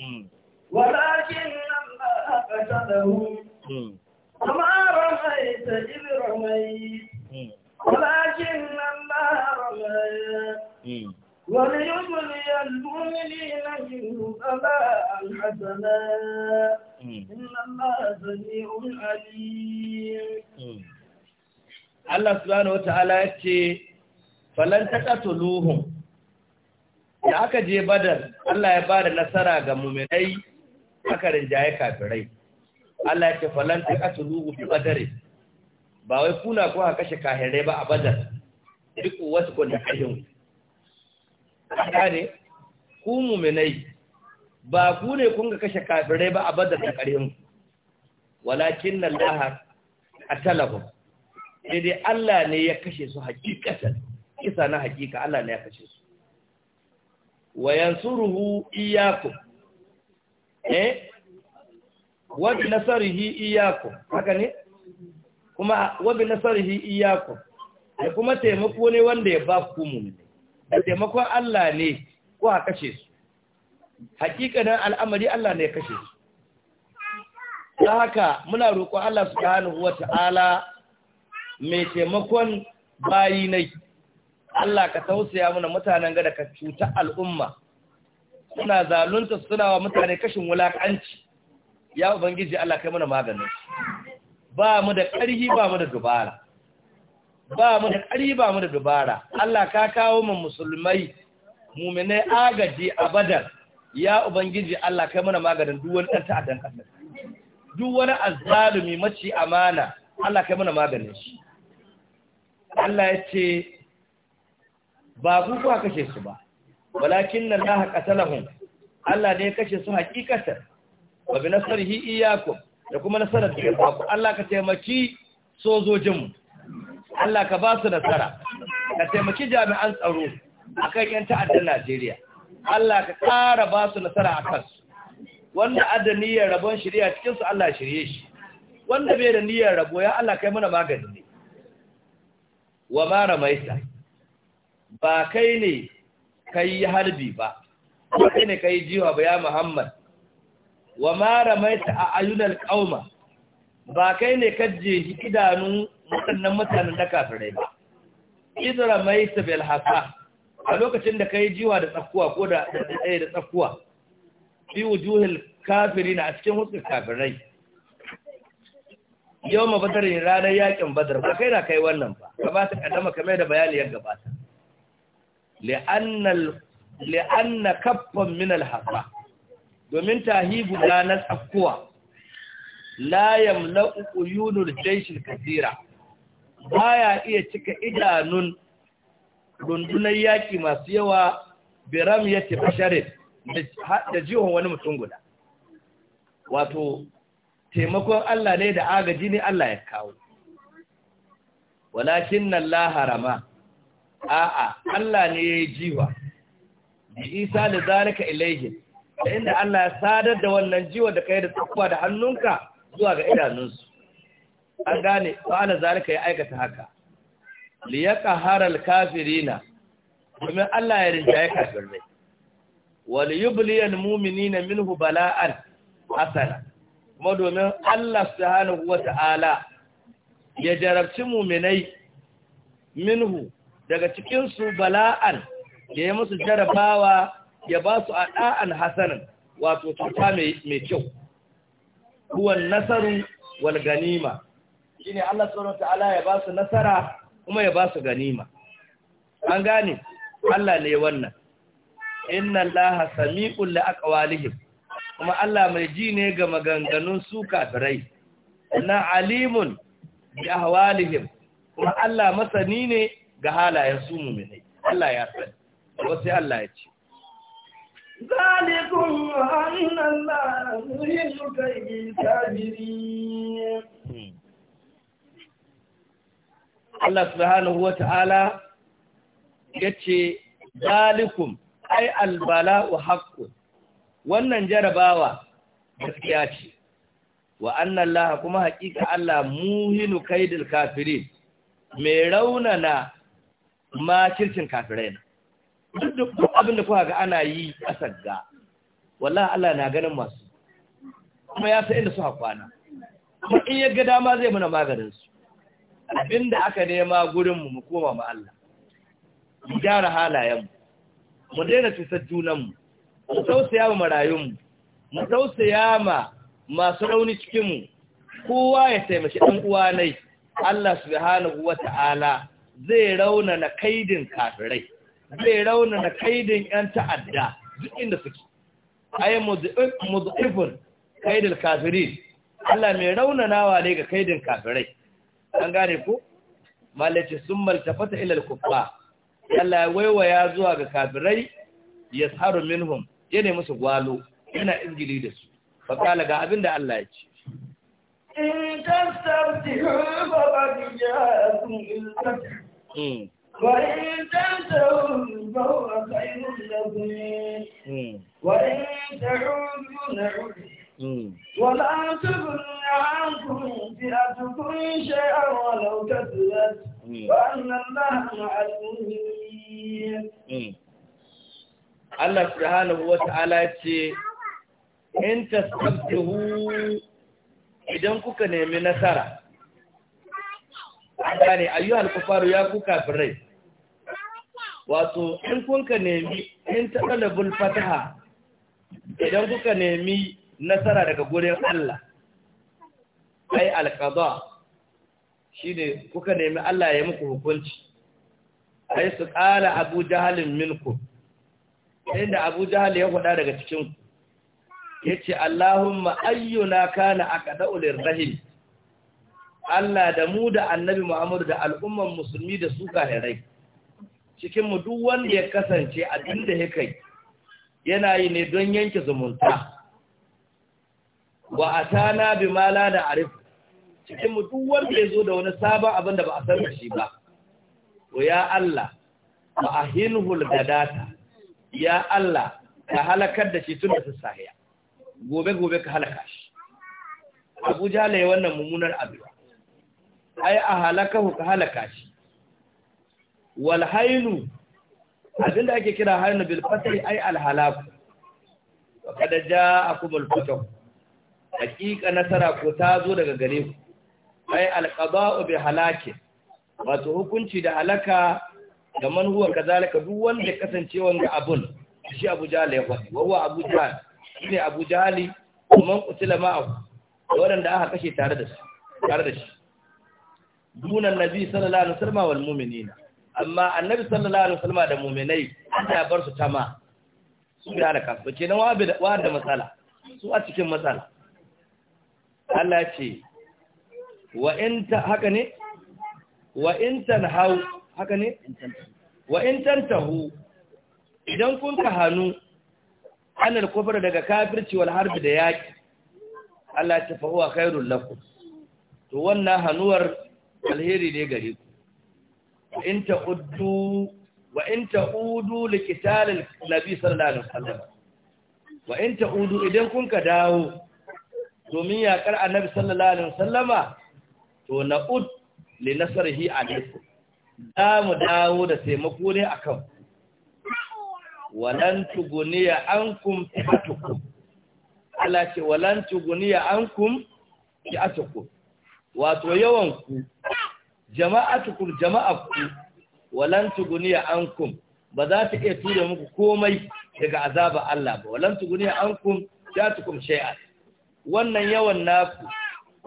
hmm. walakin nan Allah qataluhu hmm. kama ramaita id ramait hmm. walakin nan Allah ramait وليجزي المؤمنين جزاء حسنا إن Allah subhanahu wata'ala ya ce falan taqatuluhum da aka je badar Allah ya bada nasara ga mu'minai aka rinjaye kafirai Allah ya ce falan taqatuluhu fi badare, ba wai kuna kuwa kashe kahirai ba a badar duk wasu kwanne da kajin ne ku muminai ba ku ne kun ga kashe kafirai ba a badar da ƙarhin walakin nan lahar a talabar. daidai Allah ne ya kashe su hakikatar kisa na hakika Allah ne ya kashe su wayan suruhu iyaku eh wabi nasarihi iyaku haka ne kuma wabi nasarihi iyaku da kuma taimako ne wanda ya ba ku muminai da taimakon Allah ne ko a kashe su hakikanin al'amari Allah ne ya kashe su ta haka muna roƙon Allah wa Ta'ala mai taimakon bayi nai Allah ka tausaya mana mutanen gada ka cuta al'umma suna zalunta suna wa mutane kashin wulaƙanci ya ubangiji Allah kai mana maganin ba mu da ƙarhi ba mu da dubara ba mu da ƙari ba mu da dubara Allah ka kawo mu musulmai muminai agaji a badar ya ubangiji Allah kai mana maganin duk wani ɗan ta'addan ƙasar duk wani mace amana Allah kai mana maganin shi Allah ya ce ba ku kuwa kashe su ba walakin nan laha qatalahum Allah ne ya kashe su hakikatan wa bi nasrihi iyyakum da kuma nasarar da ya Allah ka taimaki sojojinmu Allah ka ba su nasara ka taimaki jami'an tsaro a kan yan ta'addar Najeriya Allah ka ƙara ba su nasara a kansu wanda adda niyyar rabon shirya cikin su Allah shirye shi wanda bai da niyyar rabo ya Allah kai mana magani ne wa ma ramaita ba kai ne kai harbi ba ba kai ne kai jiwa ba ya Muhammad wa ma ramaita a ayunal qauma ba kai ne kaje idanun waɗannan mutanen da kafirai ba izra mai sabil hasa a lokacin da ka yi jiwa da tsakkuwa ko da tsaye da tsakkuwa fi wujuhil na a cikin huskar kafirai yau ma badar yin ranar yakin badar ba kai na kai wannan ba Ka ba ta kadama kamar da bayani ba gabata li'anna kaffan min alhasa domin tahibu na na tsakkuwa la yamla'u uyunul jayshil kathira baya iya cika idanun rundunar yaki masu yawa biram ya tafi sharif da jihon wani mutum guda wato taimakon Allah ne da agaji ne Allah ya kawo walakin nan laharama a'a Allah ne ya yi jiwa da isa da zalika ilaihin da inda Allah ya sadar da wannan jiwa da kai da tsakuwa da hannunka zuwa ga idanunsu an gane fa'ala zalika ya aikata haka li harar kafirina domin Allah ya rinjaye kafirai wal yubliya al-mu'minina minhu bala'an hasana kuma domin Allah subhanahu wata'ala ya jarabci mu'minai minhu daga cikin su bala'an da ya musu jarabawa ya ba su ada'an hasanan wato tuta mai kyau huwa nasaru wal ganima ne Allah subhanahu ta'ala ya ba su nasara kuma ya ba su ganima an gane Allah ne wannan inna Allaha ƙulla a ƙawalihim, kuma Allah mai ji ne ga maganganun su kafirai na alimun bi ahwalihim kuma Allah masani ne ga halayen su mu'minai Allah ya sani wasu Allah ya ce ذلكم أن الله يحب الكافرين Allah subhanahu wa ta'ala ya ce, Zalikum, ai albala wa haƙƙun, wannan jarabawa gaskiya ce, wa annan laha kuma haƙiƙa Allah muhinu kaidil kafirin, mai raunana makircin kafirai Duk duk abin da kuka ga ana yi ƙasar ga, wallah Allah na ganin masu, kuma ya sa inda su haƙwana, kuma in ya ga dama zai muna su. abinda aka nema gurinmu mu koma ma Allah mu gyara halayenmu mu daina cutar junanmu mu tausaya ma marayunmu mu tausaya ma masu rauni cikinmu kowa ya taimaki ɗan uwa nai Allah subhanahu wata'ala zai rauna na kaidin kafirai zai rauna na kaidin ƴan ta'adda duk inda suke ay mudhifun kaidil kafirin Allah mai raunanawa ne ga kaidin kafirai an gane ku? malace sun maltafata ilal kuffa Allah ya waiwaya zuwa ga kafirai ya tsaro minhum yana musu gwalo yana izgili da su fa kala ga abin da Allah ya ce in tasartihu fa qad ja'akum il-fath وإن تنتهوا فهو خير لكم وإن تعودوا نعود ولا تغني عنكم Allah subhanahu wa ta'ala ce, In tasabtuhu idan kuka nemi nasara, an gane ayyuhal kufaru ya kuka birai, wato, in kuka nemi, in taɗalabul fataha, idan kuka nemi nasara daga gurin Allah ai shi ne kuka nemi Allah ya muku hukunci ai su ƙara abu jahalin minkum inda abu jahal ya faɗa daga cikin ku yace Allahumma ayyuna kana aqda'u rahim? Allah da mu da Annabi Muhammadu da al'umman musulmi da su kafirai Cikinmu duk wanda ya kasance abinda yake yana yi ne don yanke zumunta wa atana bima la na'rif cikin mutum wanda ya zo da wani sabon abin da ba a san shi ba wa ya Allah wa ahinhu al-gadata ya Allah ka halakar da shi tun da sahiya gobe gobe ka halaka shi Abu Jahl wannan mummunar addu'a ai a halakahu ka halaka shi wal hainu da ake kira hainu bil fatri ai al halaku wa kad ja'akum al fatahu hakika nasara ko ta zo daga gare ku ai alqada'u bi halaki wato hukunci da halaka ga huwa kazalika duk wanda kasance wanda abun shi Abu Jahl ya faɗi wa huwa Abu Jahl ne Abu Jahl kuma kutila ma'ahu wanda aka kashe tare da shi tare da shi dunan nabi sallallahu alaihi wasallam wal mu'minina amma annabi sallallahu alaihi wasallam da mu'minai Allah bar su tama su da halaka ba kenan wa da matsala su a cikin matsala Allah ce wa in ta haka ne wa in haka ne wa in idan kun ka hannu anar kufar daga kafirci wal harbi da yaki Allah ta fa huwa khairul lakum to wannan hanuwar alheri ne gare ku in ta uddu wa in nabi sallallahu alaihi wasallam wa in idan kun ka dawo domin yaƙar annabi sallallahu alaihi wasallama to na'ud li nasrihi alaikum za mu dawo da taimako ne akan walan tuguniya ankum fatukum Allah ce walan tuguniya ankum atukum wato yawan ku jama'atukum jama'atukum walan tuguniya ankum ba za ta iya tura muku komai daga azaba Allah ba walan tuguniya ankum atukum shay'an wannan yawan naku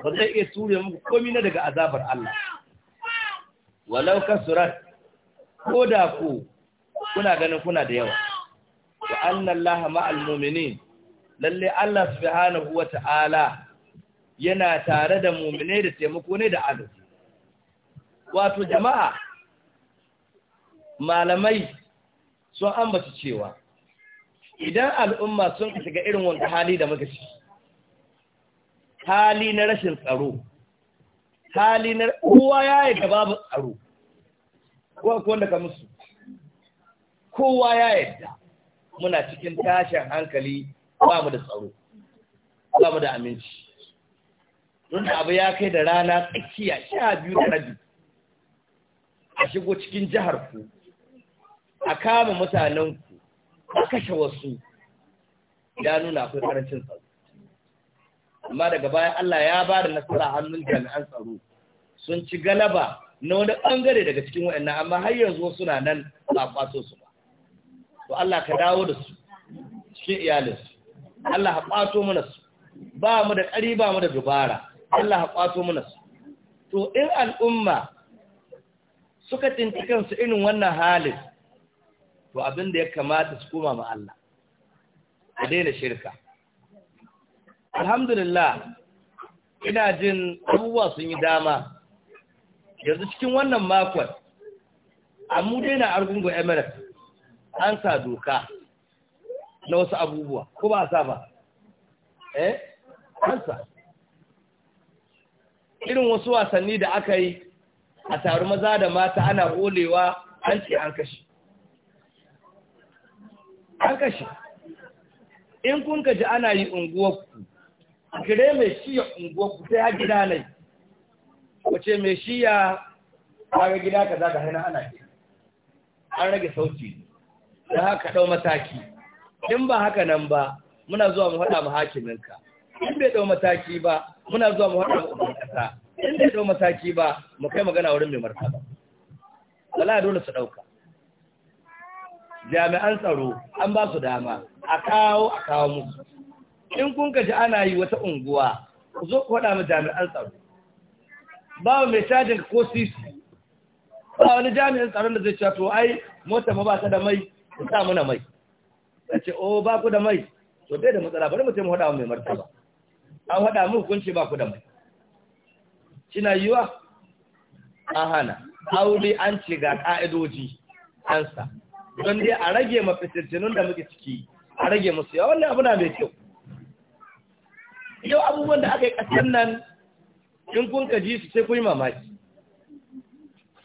ba zai iya ture muku komi na daga azabar Allah walau kasurat ko da ku kuna ganin kuna da yawa wa annan laha ma'al muminin lalle Allah subhanahu wa ta'ala yana tare da mumine da taimako ne da agaji wato jama'a malamai sun ambaci cewa idan al'umma sun shiga irin wanda hali da muka ciki hali na rashin tsaro hali na kowa ya yi da babu tsaro kowa ko wanda ka musu kowa ya yadda muna cikin tashin hankali ba mu da tsaro ba mu da aminci don abu ya kai da rana tsakiya sha biyu da rabi a shigo cikin jihar ku a kama mutanen ku a kashe wasu ya nuna akwai karancin tsaro amma daga baya Allah ya ba da nasara hannun jami'an tsaro sun ci galaba na wani bangare daga cikin waɗannan amma har yanzu suna nan ba kwato su ba to Allah ka dawo da su cikin iyalinsu Allah ka kwato mana su ba mu da ƙari ba mu da dubara Allah ka kwato mana su to in al'umma suka tinci kansu irin wannan halin to abin da ya kamata su koma ma Allah a daina shirka alhamdulillah ina jin abubuwa sun yi dama yanzu cikin wannan makon amu daina argungu emirat an sa doka na wasu abubuwa ko ba sa ba eh an sa irin wasu wasanni da aka yi a taru maza da mata ana olewa an ce an kashe an kashe in kun ka ji ana yi unguwarku gare mai shiya unguwa ku ta gida ne wace mai shiya ga gida ka za ka haina ana ke an rage sauti da haka ɗau mataki in ba haka nan ba muna zuwa mu haɗa mu hakiminka in bai ɗau mataki ba muna zuwa mu haɗa mu ubin ƙasa in bai ɗau mataki ba mu kai magana wurin mai martaba wala dole su ɗauka jami'an tsaro an ba su dama a kawo a kawo musu in kun gaji ana yi wata unguwa ku zo ku haɗa mu jami'an tsaro ba mai cajin ko sisi ba wani jami'an tsaron da zai cewa to ai mota ma ba ta da mai ku sa muna mai ta ce o oh, ba ku da mai to dai da matsala bari mutum hada mu mai martaba an hada mu hukunci ba ku da mai kina yiwa an hana aure an ce ga ka'idoji an sa don dai a rage mafitattunun da muke ciki a rage musu ya wannan abu na mai kyau yau abubuwan da aka yi ƙasar nan in kun ka ji su sai kun yi mamaki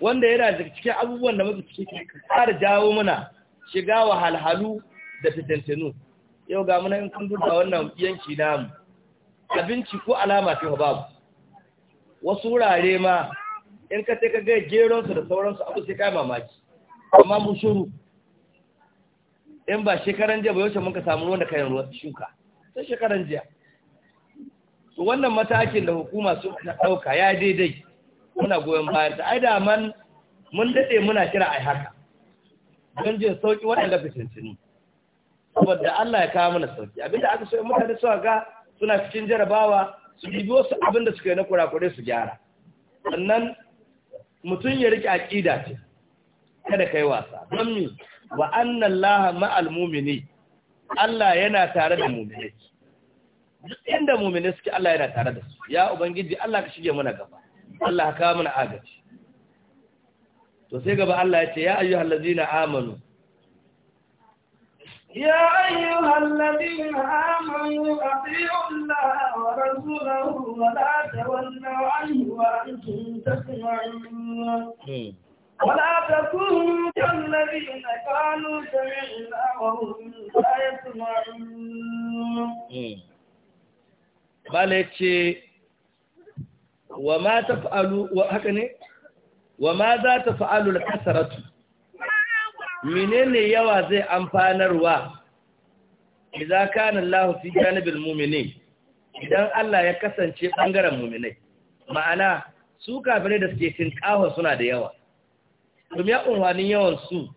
wanda yana da cikin abubuwan da muka ciki ƙara jawo muna shiga wahalhalu da fitintinu yau ga muna in kun duba wannan yanki namu abinci ko alama ce babu wasu wurare ma in ka sai ka ga geronsu da sauransu abu sai kai mamaki amma mun shuru in ba shekaran jiya ba yau mun ka samu ruwan da kayan shuka sai shekaran jiya to wannan matakin da hukuma su ta ɗauka ya daidai muna goyon bayan ta ai da man mun daɗe muna kira ai haka don jin sauƙi waɗanda fitintini saboda Allah ya kawo mana sauƙi abinda aka so mutane suka ga suna cikin jarabawa su bibi wasu abinda suka yi na kurakure su gyara sannan mutum ya rike aqida ce kada kai wasa don mi wa anna laha ma'al mumini Allah yana tare da mumini duk inda mumini suke Allah yana tare da su ya ubangiji Allah ka shige mana gaba Allah ka mana agaji to sai gaba Allah ya ce ya ayyuhal ladina amanu ya ayyuhal ladina amanu atiiu Allah wa rasulahu wa la tawallaw anhu wa antum tasma'un ولا تكونوا كالذين قالوا سمعنا وهم لا يسمعون bala ya ce wa ma ta fa'alu haka ne wa ma za ta fa'alu da kasaratu menene yawa zai amfanarwa idan kana Allah fi janibul mu'minin idan Allah ya kasance bangaren mu'minai ma'ana su kafirai da suke cin tinkawa suna da yawa domin ya unwanin yawan su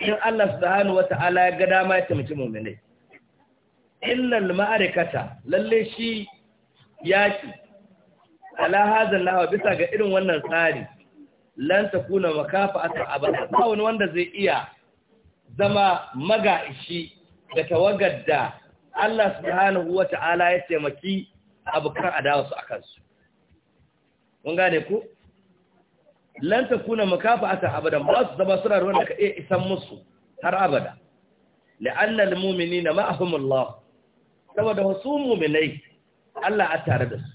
in Allah subhanahu wata'ala ya ga dama ya tamci mu'minai illal ma'arikata lalle shi yaki ala hadha lawa bisa ga irin wannan tsari kuna makafa a abada ba wani wanda zai iya zama ishi da tawagar da Allah huwa ta'ala ya taimaki abokan su a kansu mun gane ku makafa a ta abada, ba su zama suna ruwan da ka iya isan musu har abada la'anna na ma'ahum Allah saboda wasu mu'minai Allah a tare da su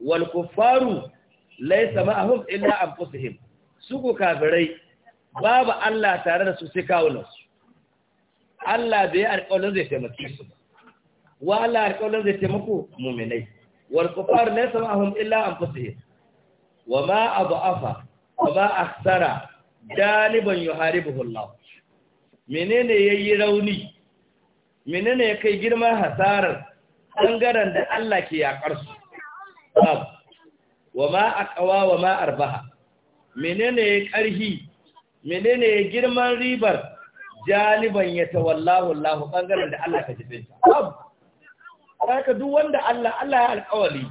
wal kuffaru laysa ma'ahum illa anfusuhum su ku kafirai babu Allah tare da su sai kawunan su Allah bai alƙawarin zai taimake su wa Allah alƙawarin zai taimako mu'minai wal kuffaru laysa ma'ahum illa anfusuhum wa ma abu'afa wa ma akhsara daliban yuharibuhu Allah menene yi rauni menene ya kai girman hasarar ɓangaren da Allah ke yaƙar su wa ma ƙawa wa ma arbaha menene ƙarhi menene girman ribar jaliban ya tawallahu Allah ɓangaren da Allah ka jibe babu ka duk wanda Allah Allah ya alƙawali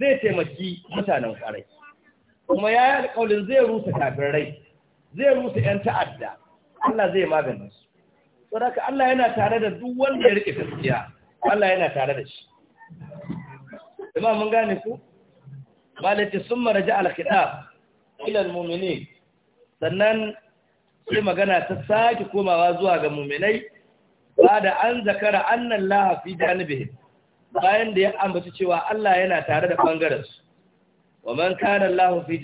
zai taimaki mutanen ƙwarai kuma ya yi alƙawalin zai rusa kafin rai, zai rusa 'yan ta'adda Allah zai magana su saboda Allah yana tare da duk wanda ya riƙe gaskiya Allah yana tare da shi Ima mun gane ku malaki sun mara al-khitab ila sannan sai magana ta sake komawa zuwa ga mu'minai ba da an zakara annan laha fi bayan da ya ambaci cewa Allah yana tare da bangaren su wa man kana Allah fi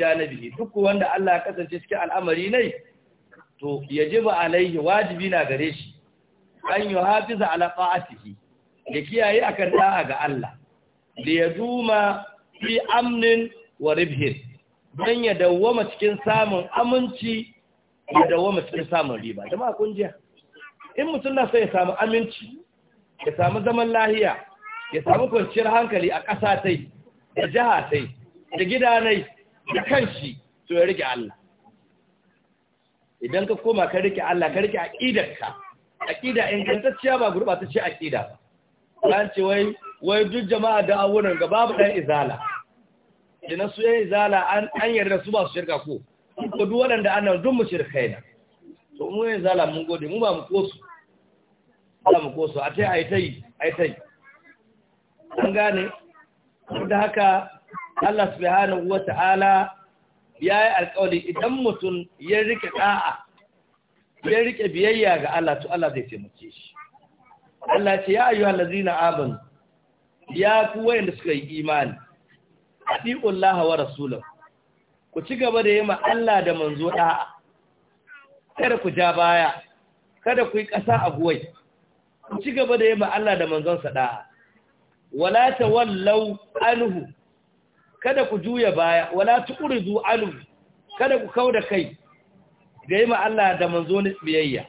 duk wanda Allah kasance cikin al'amari ne to yajibu alaihi wajibi na gare shi an yuhafiza ala ta'atihi ya kiyaye akan da'a ga Allah da ya duma fi amnin wa ribhin don ya dawwama cikin samun aminci ya dawwama cikin samun riba da kun jiya in mutum na so ya samu aminci ya samu zaman lahiya ya samu kwanciyar hankali a ƙasa tai da jiha tai da gidanai da kanshi to ya rike Allah idan ka koma ka rike Allah ka rike aqidarka aqida ingantacciya ba gurbatacciya aqida ba an ce wai wai duk jama'a da awunan ga babu ɗan izala ina su yan izala an an yarda su ba su shirka ko ko duk waɗanda an duk mu shirkai na to mu yan izala mun gode mu ba mu kosu ba mu kosu a tai ai tai ai tai an gane da haka Allah subhanahu wata'ala ya yi alƙawari idan mutum ya rike da'a ya rike biyayya ga Allah to Allah zai taimake shi Allah ce ya ayyuhal ladzina amanu ya ku wayanda suka yi imani atiqullaha wa rasulahu ku ci gaba da yi ma Allah da manzo da'a kada ku ja baya kada ku yi ƙasa a guwai ku ci gaba da yi ma Allah da manzon sa da'a wala wallau anhu kada ku juya baya wala tuqridu anhu kada ku kauda kai ga yi ma Allah da manzon biyayya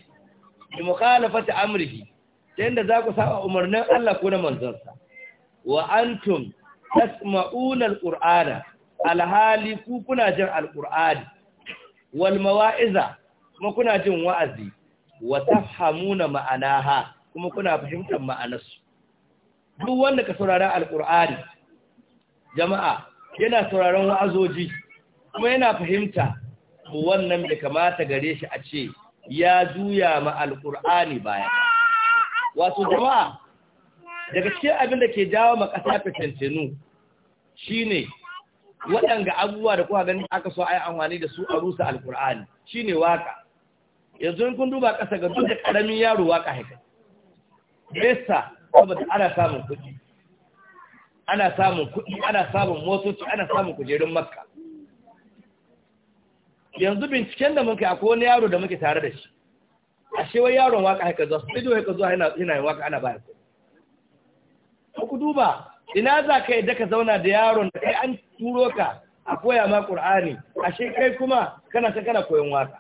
bi mukhalafati amrihi ta yadda za ku saba umarnin Allah ko na manzansa wa antum tasma'una alhali ku kuna jin alqur'ani wal mawa'iza kuma kuna jin wa'azi wa tafhamuna ma'anaha kuma kuna fahimtar ma'anarsu duk wanda ka saurara alqur'ani jama'a yana sauraron wa'azoji kuma yana fahimta wannan da kamata gare shi a ce ya juya ma Alkur'ani baya wato jama'a daga cikin abin da ke jawo ma ƙasa shi shine waɗanga abubuwa da kuka ganin aka so a yi amfani da su a rusa alkur'ani shine waka yanzu kun duba ƙasa ga duk da ƙaramin yaro waka haka besa saboda ana samun kuɗi ana samun kuɗi ana samun motoci ana samun kujerun makka yanzu binciken da muke akwai wani yaro da muke tare da shi ashe wai yaron waka haka zuwa studio haka zuwa yana yin waka ana bayar ko ku duba ina za ka yadda ka zauna da yaron da kai an turo ka a koya ma qur'ani ashe kai kuma kana ta kana koyon waka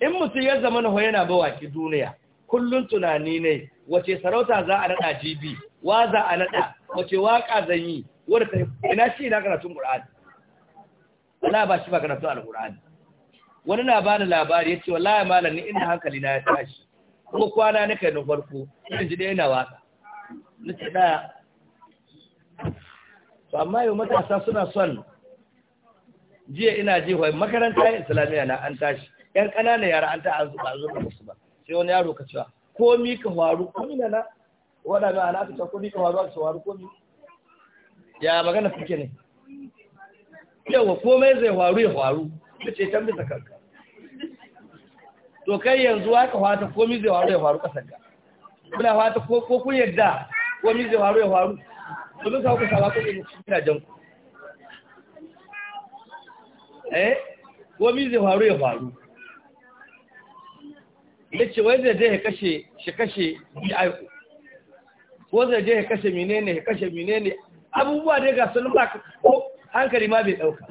in mutum ya zama na yana ba waki duniya kullun tunani ne wace sarauta za a nada jibi wa za a nada wace waka zan yi wadda ta ina shi ina karatun qur'ani wala ba shi ba karatun wani na bani labari ya ce wallahi malam ni ina hankali na ya tashi kuma kwana nake na farko in ji dai na waka na ce daya to amma yau matasa suna son jiya ina ji wai makaranta islamiyya na an tashi yan ƙananan yara an ta azu ba zuwa musu ba sai wani yaro ka cewa ko mi ka faru ko mi na wada ga ana ka ko mi ka faru ka faru ko mi ya magana fike ne yawa komai zai faru ya faru da ce can bisa kanka to kai yanzu haka fata komi zai faru ya faru kasanka kuna fata ko kun yadda komi zai faru ya faru to domin sa ku sa ku ne kuna jan ku eh komi zai faru ya faru yace wai zai je kashe shi kashe bi bi'ai ko zai je kashe menene kashe menene abubuwa dai ga sunan ba ko hankali ma bai dauka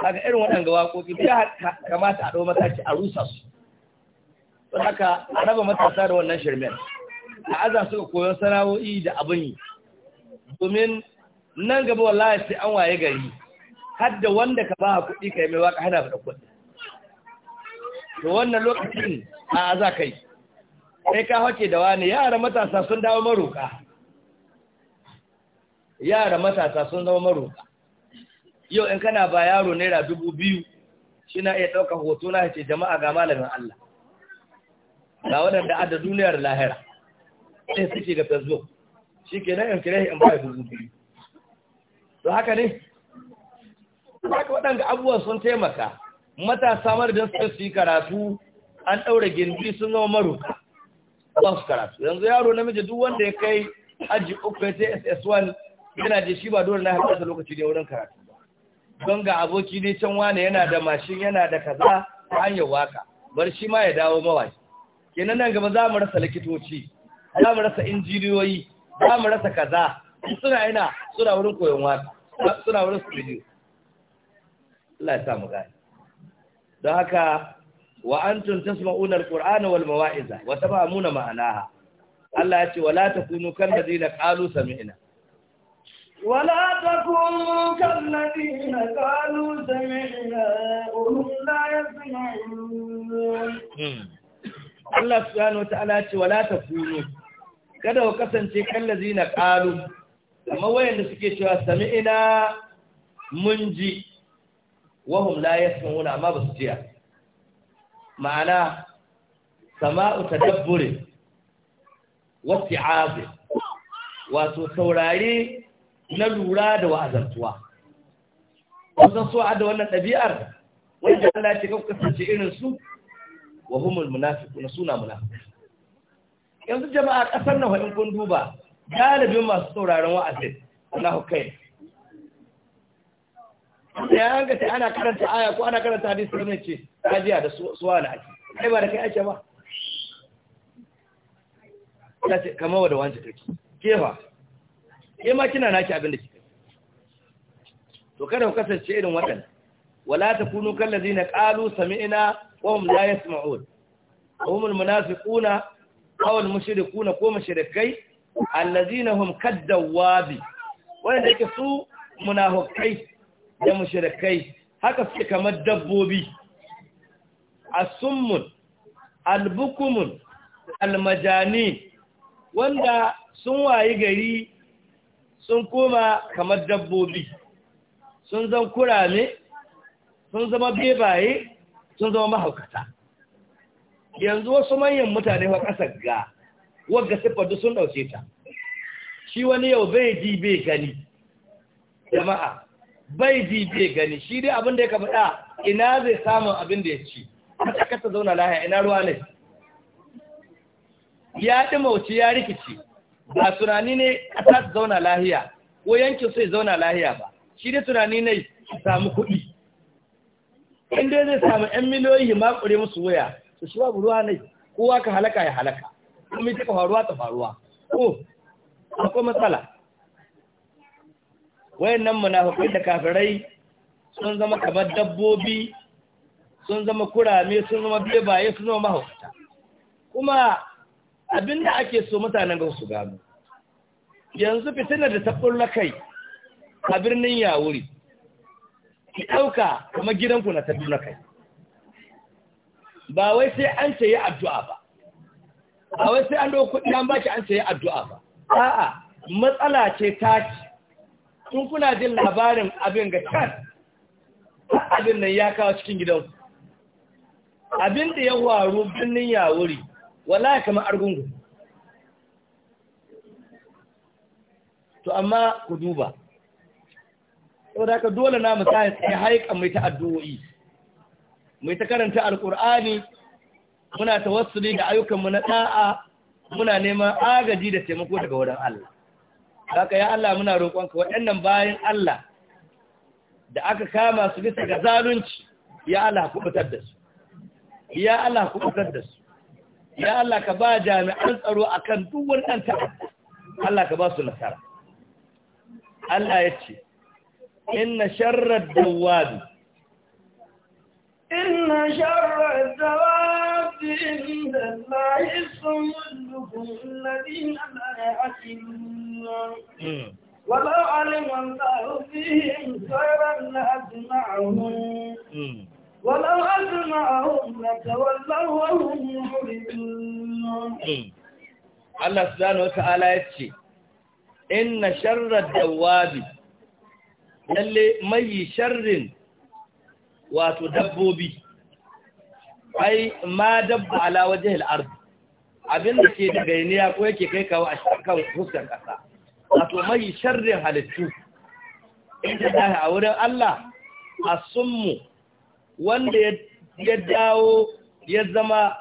kaga irin waɗanda waƙoƙi ya kamata a ɗau mataki a rusa su don haka a raba matasa da wannan shirmen a aza suka koyon sana'o'i da abin yi domin nan gaba wallahi sai an waye gari har da wanda ka ba kuɗi kai mai waka hana da kuɗi to wannan lokacin a aza kai Kai ka hake da wani yara matasa sun dawo maroka yara matasa sun zama maroka yau in kana ba yaro naira dubu biyu shi na iya ɗaukar hoto na ce jama'a ga malamin Allah ga waɗanda adda duniyar lahira ɗaya suke ga tazo shi ke nan in kira in ba dubu biyu to haka ne haka waɗanda abubuwan sun taimaka matasa madadin su yi karatu an ɗaura gindi sun zama maruka ba su karatu yanzu yaro namiji duk wanda ya kai aji uku ya ce ss1 yana je shi ba dole na haifar da lokaci ne wurin karatu don ga aboki ne can wane yana da mashin yana da kaza ta hanyar waka bar shi ma ya dawo mawaki kenan nan gaba za mu rasa likitoci za mu rasa injiniyoyi za mu rasa kaza suna yana suna wurin koyon waka suna wurin studio Allah ya sa mu gani don haka wa antum tasma'una alqur'ana wal mawa'iza wa tafhamuna ma'anaha Allah ya ce wala takunu kal ladina qalu sami'na ولا تكونوا كالذين قالوا سمعنا وهم لا يسمعون hmm. Allah subhanahu wata'ala ce wala ta takunu kada ku kasance kan kallazina qalu kamar wayanda suke cewa sami'ina mun ji wahum la yasmauna amma basu jiya ma'ana sama'u tadabburi wasi'azi wato saurare na lura da wa'azantuwa kusan so da wannan ɗabi'ar wanda Allah ce kan kasance irin su wa humul na suna munafiqun yanzu jama'a kasar na in kun duba galibin masu sauraron wa'azin Allahu kai ya hanga sai ana karanta aya ko ana karanta hadisi ne ce kajiya da suwa na ake, kai ba da kai ake ba ta ce kamar wadda wancan take kefa ke ma kina naki abin da kika to kada ku kasance irin wadan wala takunu ladina qalu sami'na wa hum la yasma'un هم المنافقون أو المشركون كو مشركي الذين هم كالدواب wanda yake su munafiqai da mushrikai haka suke kamar dabbobi asummun albukumun almajani wanda sun wayi gari sun koma kamar dabbobi sun zan kurame sun zama bebaye sun zama mahaukata yanzu wasu manyan mutane wa ƙasar ga wadda siffar sun ɗauke ta shi wani yau bai ji bai gani jama'a bai ji bai gani shi dai abin da ya kamata ina zai samun abinda ya ci a zauna lahaya ina ruwa ne ya ɗi mauci ya rikici ba tunani ne ƙasa su zauna lahiya ko yankin sai zauna lahiya ba shi dai tunani ne su samu kuɗi inda zai samu 'yan miliyoyi ma ƙure musu waya su shi babu ruwa ne kowa ka halaka ya halaka kuma ita ka faruwa ta faruwa ko akwai matsala wayannan munafikai da kafirai sun zama kamar dabbobi sun zama kurame sun zama bebaye sun zama mahaukata kuma Abin da ake so mutanen ga su gano yanzu fitina da ta kulla kai a birnin yawuri ki ɗauka kuma gidanku na ta kai ba wai sai an ce yi addu'a ba Ba wai sai an ɗau kuɗi an baki an ce yi addu'a ba a'a matsala ce ta ci tun kuna jin labarin abin ga can abin nan ya kawo cikin gidanku abin da ya waru birnin yawuri wallahi kamar argungu to amma ku duba saboda haka dole na mu sai haika mai ta addu'o'i mai ta karanta alqur'ani muna tawassuli da ayyukan mu na da'a muna neman agaji da taimako daga wurin Allah haka ya Allah muna roƙon ka. waɗannan bayan Allah da aka kama su bisa ga zalunci ya Allah kubutar da su ya Allah da su ya Allah ka ba jami'an tsaro akan duwar ɗan ta'adda Allah ka ba su nasara Allah ya ce inna sharar dawabi inna sharrad dawabi inda Allah yasmudukum alladhina la yaqilun ولو علم الله فيهم na لأسمعهم Allah su لتولوا wata ala ya ce, in na إن شر الدواب lalle mai sharrin wato dabbobi ai ma dabba ala waje ard abin da ke daga yi ne kuwa yake kai kawo a shakar huskar ƙasa, wato mai sharrin halittu inda da a wurin Allah a asummu wanda ya dawo ya zama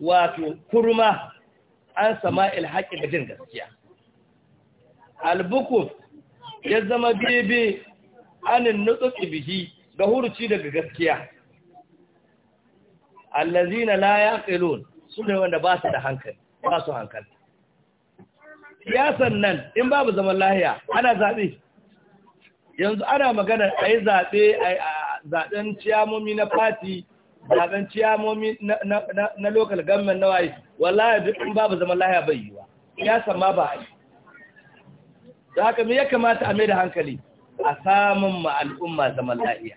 wato kurma an sama ilhaƙi da jin gaskiya albukuf ya zama bebe anin nutsutsu bihi ga huruci daga gaskiya allazina la su ne wanda ba su da hankali ba su hankali Ya nan in babu zaman lahiya ana zaɓe yanzu ana magana a yi zaɓe zaben ciyamomi na fati zaben ciyamomi na local government na waye wallahi duk in babu zaman lahiya bai yiwa ya sama ba a yi da haka me ya kamata a mai da hankali a samun ma al'umma zaman lahiya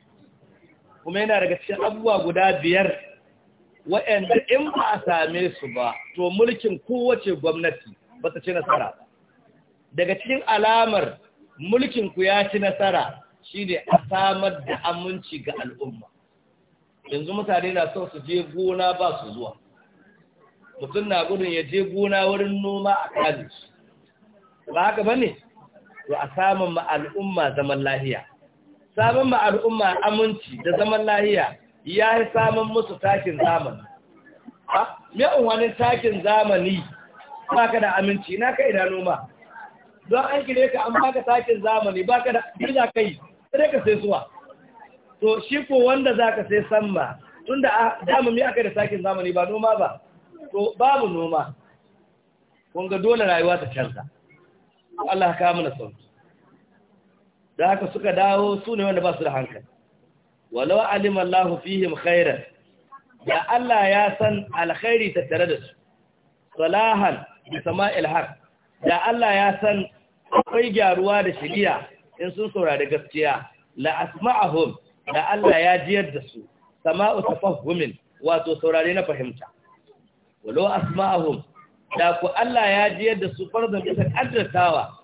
kuma yana daga cikin abubuwa guda biyar waɗanda in ba a same su ba to mulkin kowace gwamnati ba ta ci nasara daga cikin alamar mulkin ku ya ci nasara Shi ne a samar da aminci ga al'umma yanzu mutane na son su je gona ba su zuwa mutum na gudun ya je gona wurin noma a kane ba haka ba ne to a samun ma al'umma zaman lahiya samun ma al'umma aminci da zaman lahiya ya yi samun musu takin zamani ha mai wani takin zamani ba ka da aminci na kai na noma don an kire ka an baka takin zamani ba ka da ina kai sai ka sai suwa to shi ko wanda za ka sai samma tun da damami aka da sakin zamani ba noma ba to babu noma kunga dole rayuwa ta canza Allah ka mana son da haka suka dawo su ne wanda ba su da hankali walau alim Allah fihim khairan da Allah ya san alkhairi tattare da su salahan bi sama'il haq da Allah ya san akwai gyaruwa da shiriya in sun saurari gaskiya la asma'ahum da Allah ya jiyar da su sama'u tafahhumin wato saurari na fahimta walau asma'ahum da ku Allah ya jiyar da su farzan bisa kaddartawa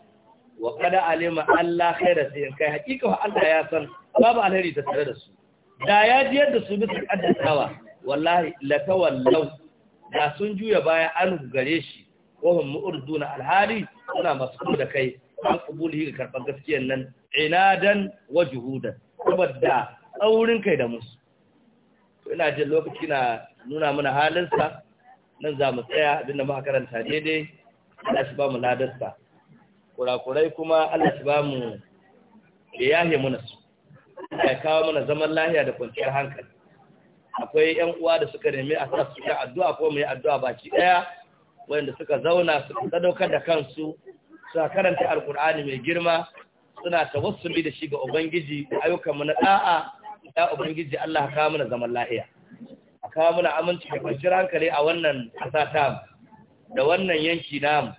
wa kada alima Allah khaira sai kai hakika wa Allah ya san babu alheri ta tare da su da ya jiyar da su bisa kaddartawa wallahi la tawallau da sun juya baya an gare shi wa hum mu'riduna alhali suna masu da kai an qabulihi ga karban gaskiyar nan inadan wa juhudan saboda aurin kai da musu to ina jin lokaci na nuna mana halinsa nan za mu tsaya abinda makaranta karanta daidai Allah shi ba mu ladarsa kurakurai kuma Allah shi ba mu ya yahe mana su ya kawo mana zaman lahiya da kwanciyar hankali akwai yan uwa da suka nemi a sa su addu'a ko mu yi addu'a baki daya wanda suka zauna suka sadaukar da kansu suna karanta alkur'ani mai girma suna tawassuli da shi ga ubangiji da ayyukanmu na da'a ya ubangiji Allah ka mana zaman lahiya a kawo mana aminci da kwanci hankali a wannan ƙasa tamu da wannan yanki namu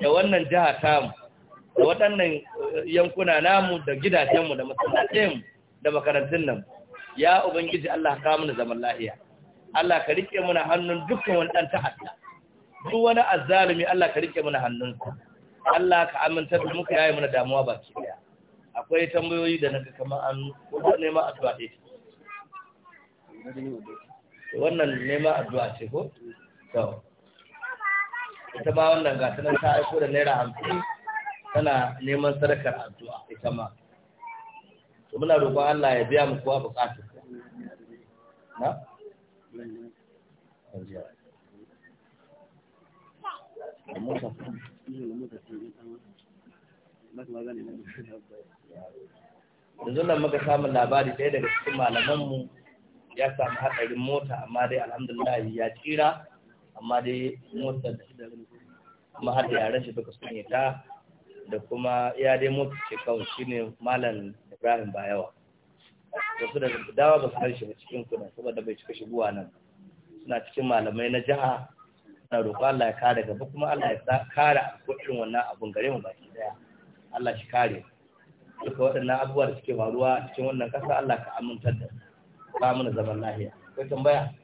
da wannan jiha mu da waɗannan eh, yankuna namu da gidajenmu da mu da makarantun nan ya ubangiji Allah ka mana zaman lahiya Allah ka rike mana hannun dukkan wani ɗan ta'adda duk wani azzalumi Allah ka rike mana hannunsa Allah ka amintar da muka yaye mana damuwa baki daya akwai tambayoyi da naga kamar an wanda nema addu'a ce wannan nema addu'a ce ko to ita ma wannan ga tana ta aiko da naira hamsin tana neman sadakar addu'a ita ma to muna roƙon Allah ya biya mu kowa bukatu na Thank you. yanzu nan muka samun labari ɗaya daga cikin malamanmu ya samu haɗarin mota amma dai alhamdulillah ya tsira amma dai mota da kuma har da yaren shi duka sun yi ta da kuma ya dai mota ce kawai shine malam ibrahim bayawa wasu da dawa ba su harshe cikin kuna saboda bai cika shigowa nan suna cikin malamai na jiha na roƙo Allah ya kare gaba kuma Allah ya kare ko irin wannan abun gare mu baki daya Allah shi kare duka waɗannan abubuwa da suke faruwa cikin wannan ƙasa Allah ka amintar da ba mu zaman lafiya akwai tambaya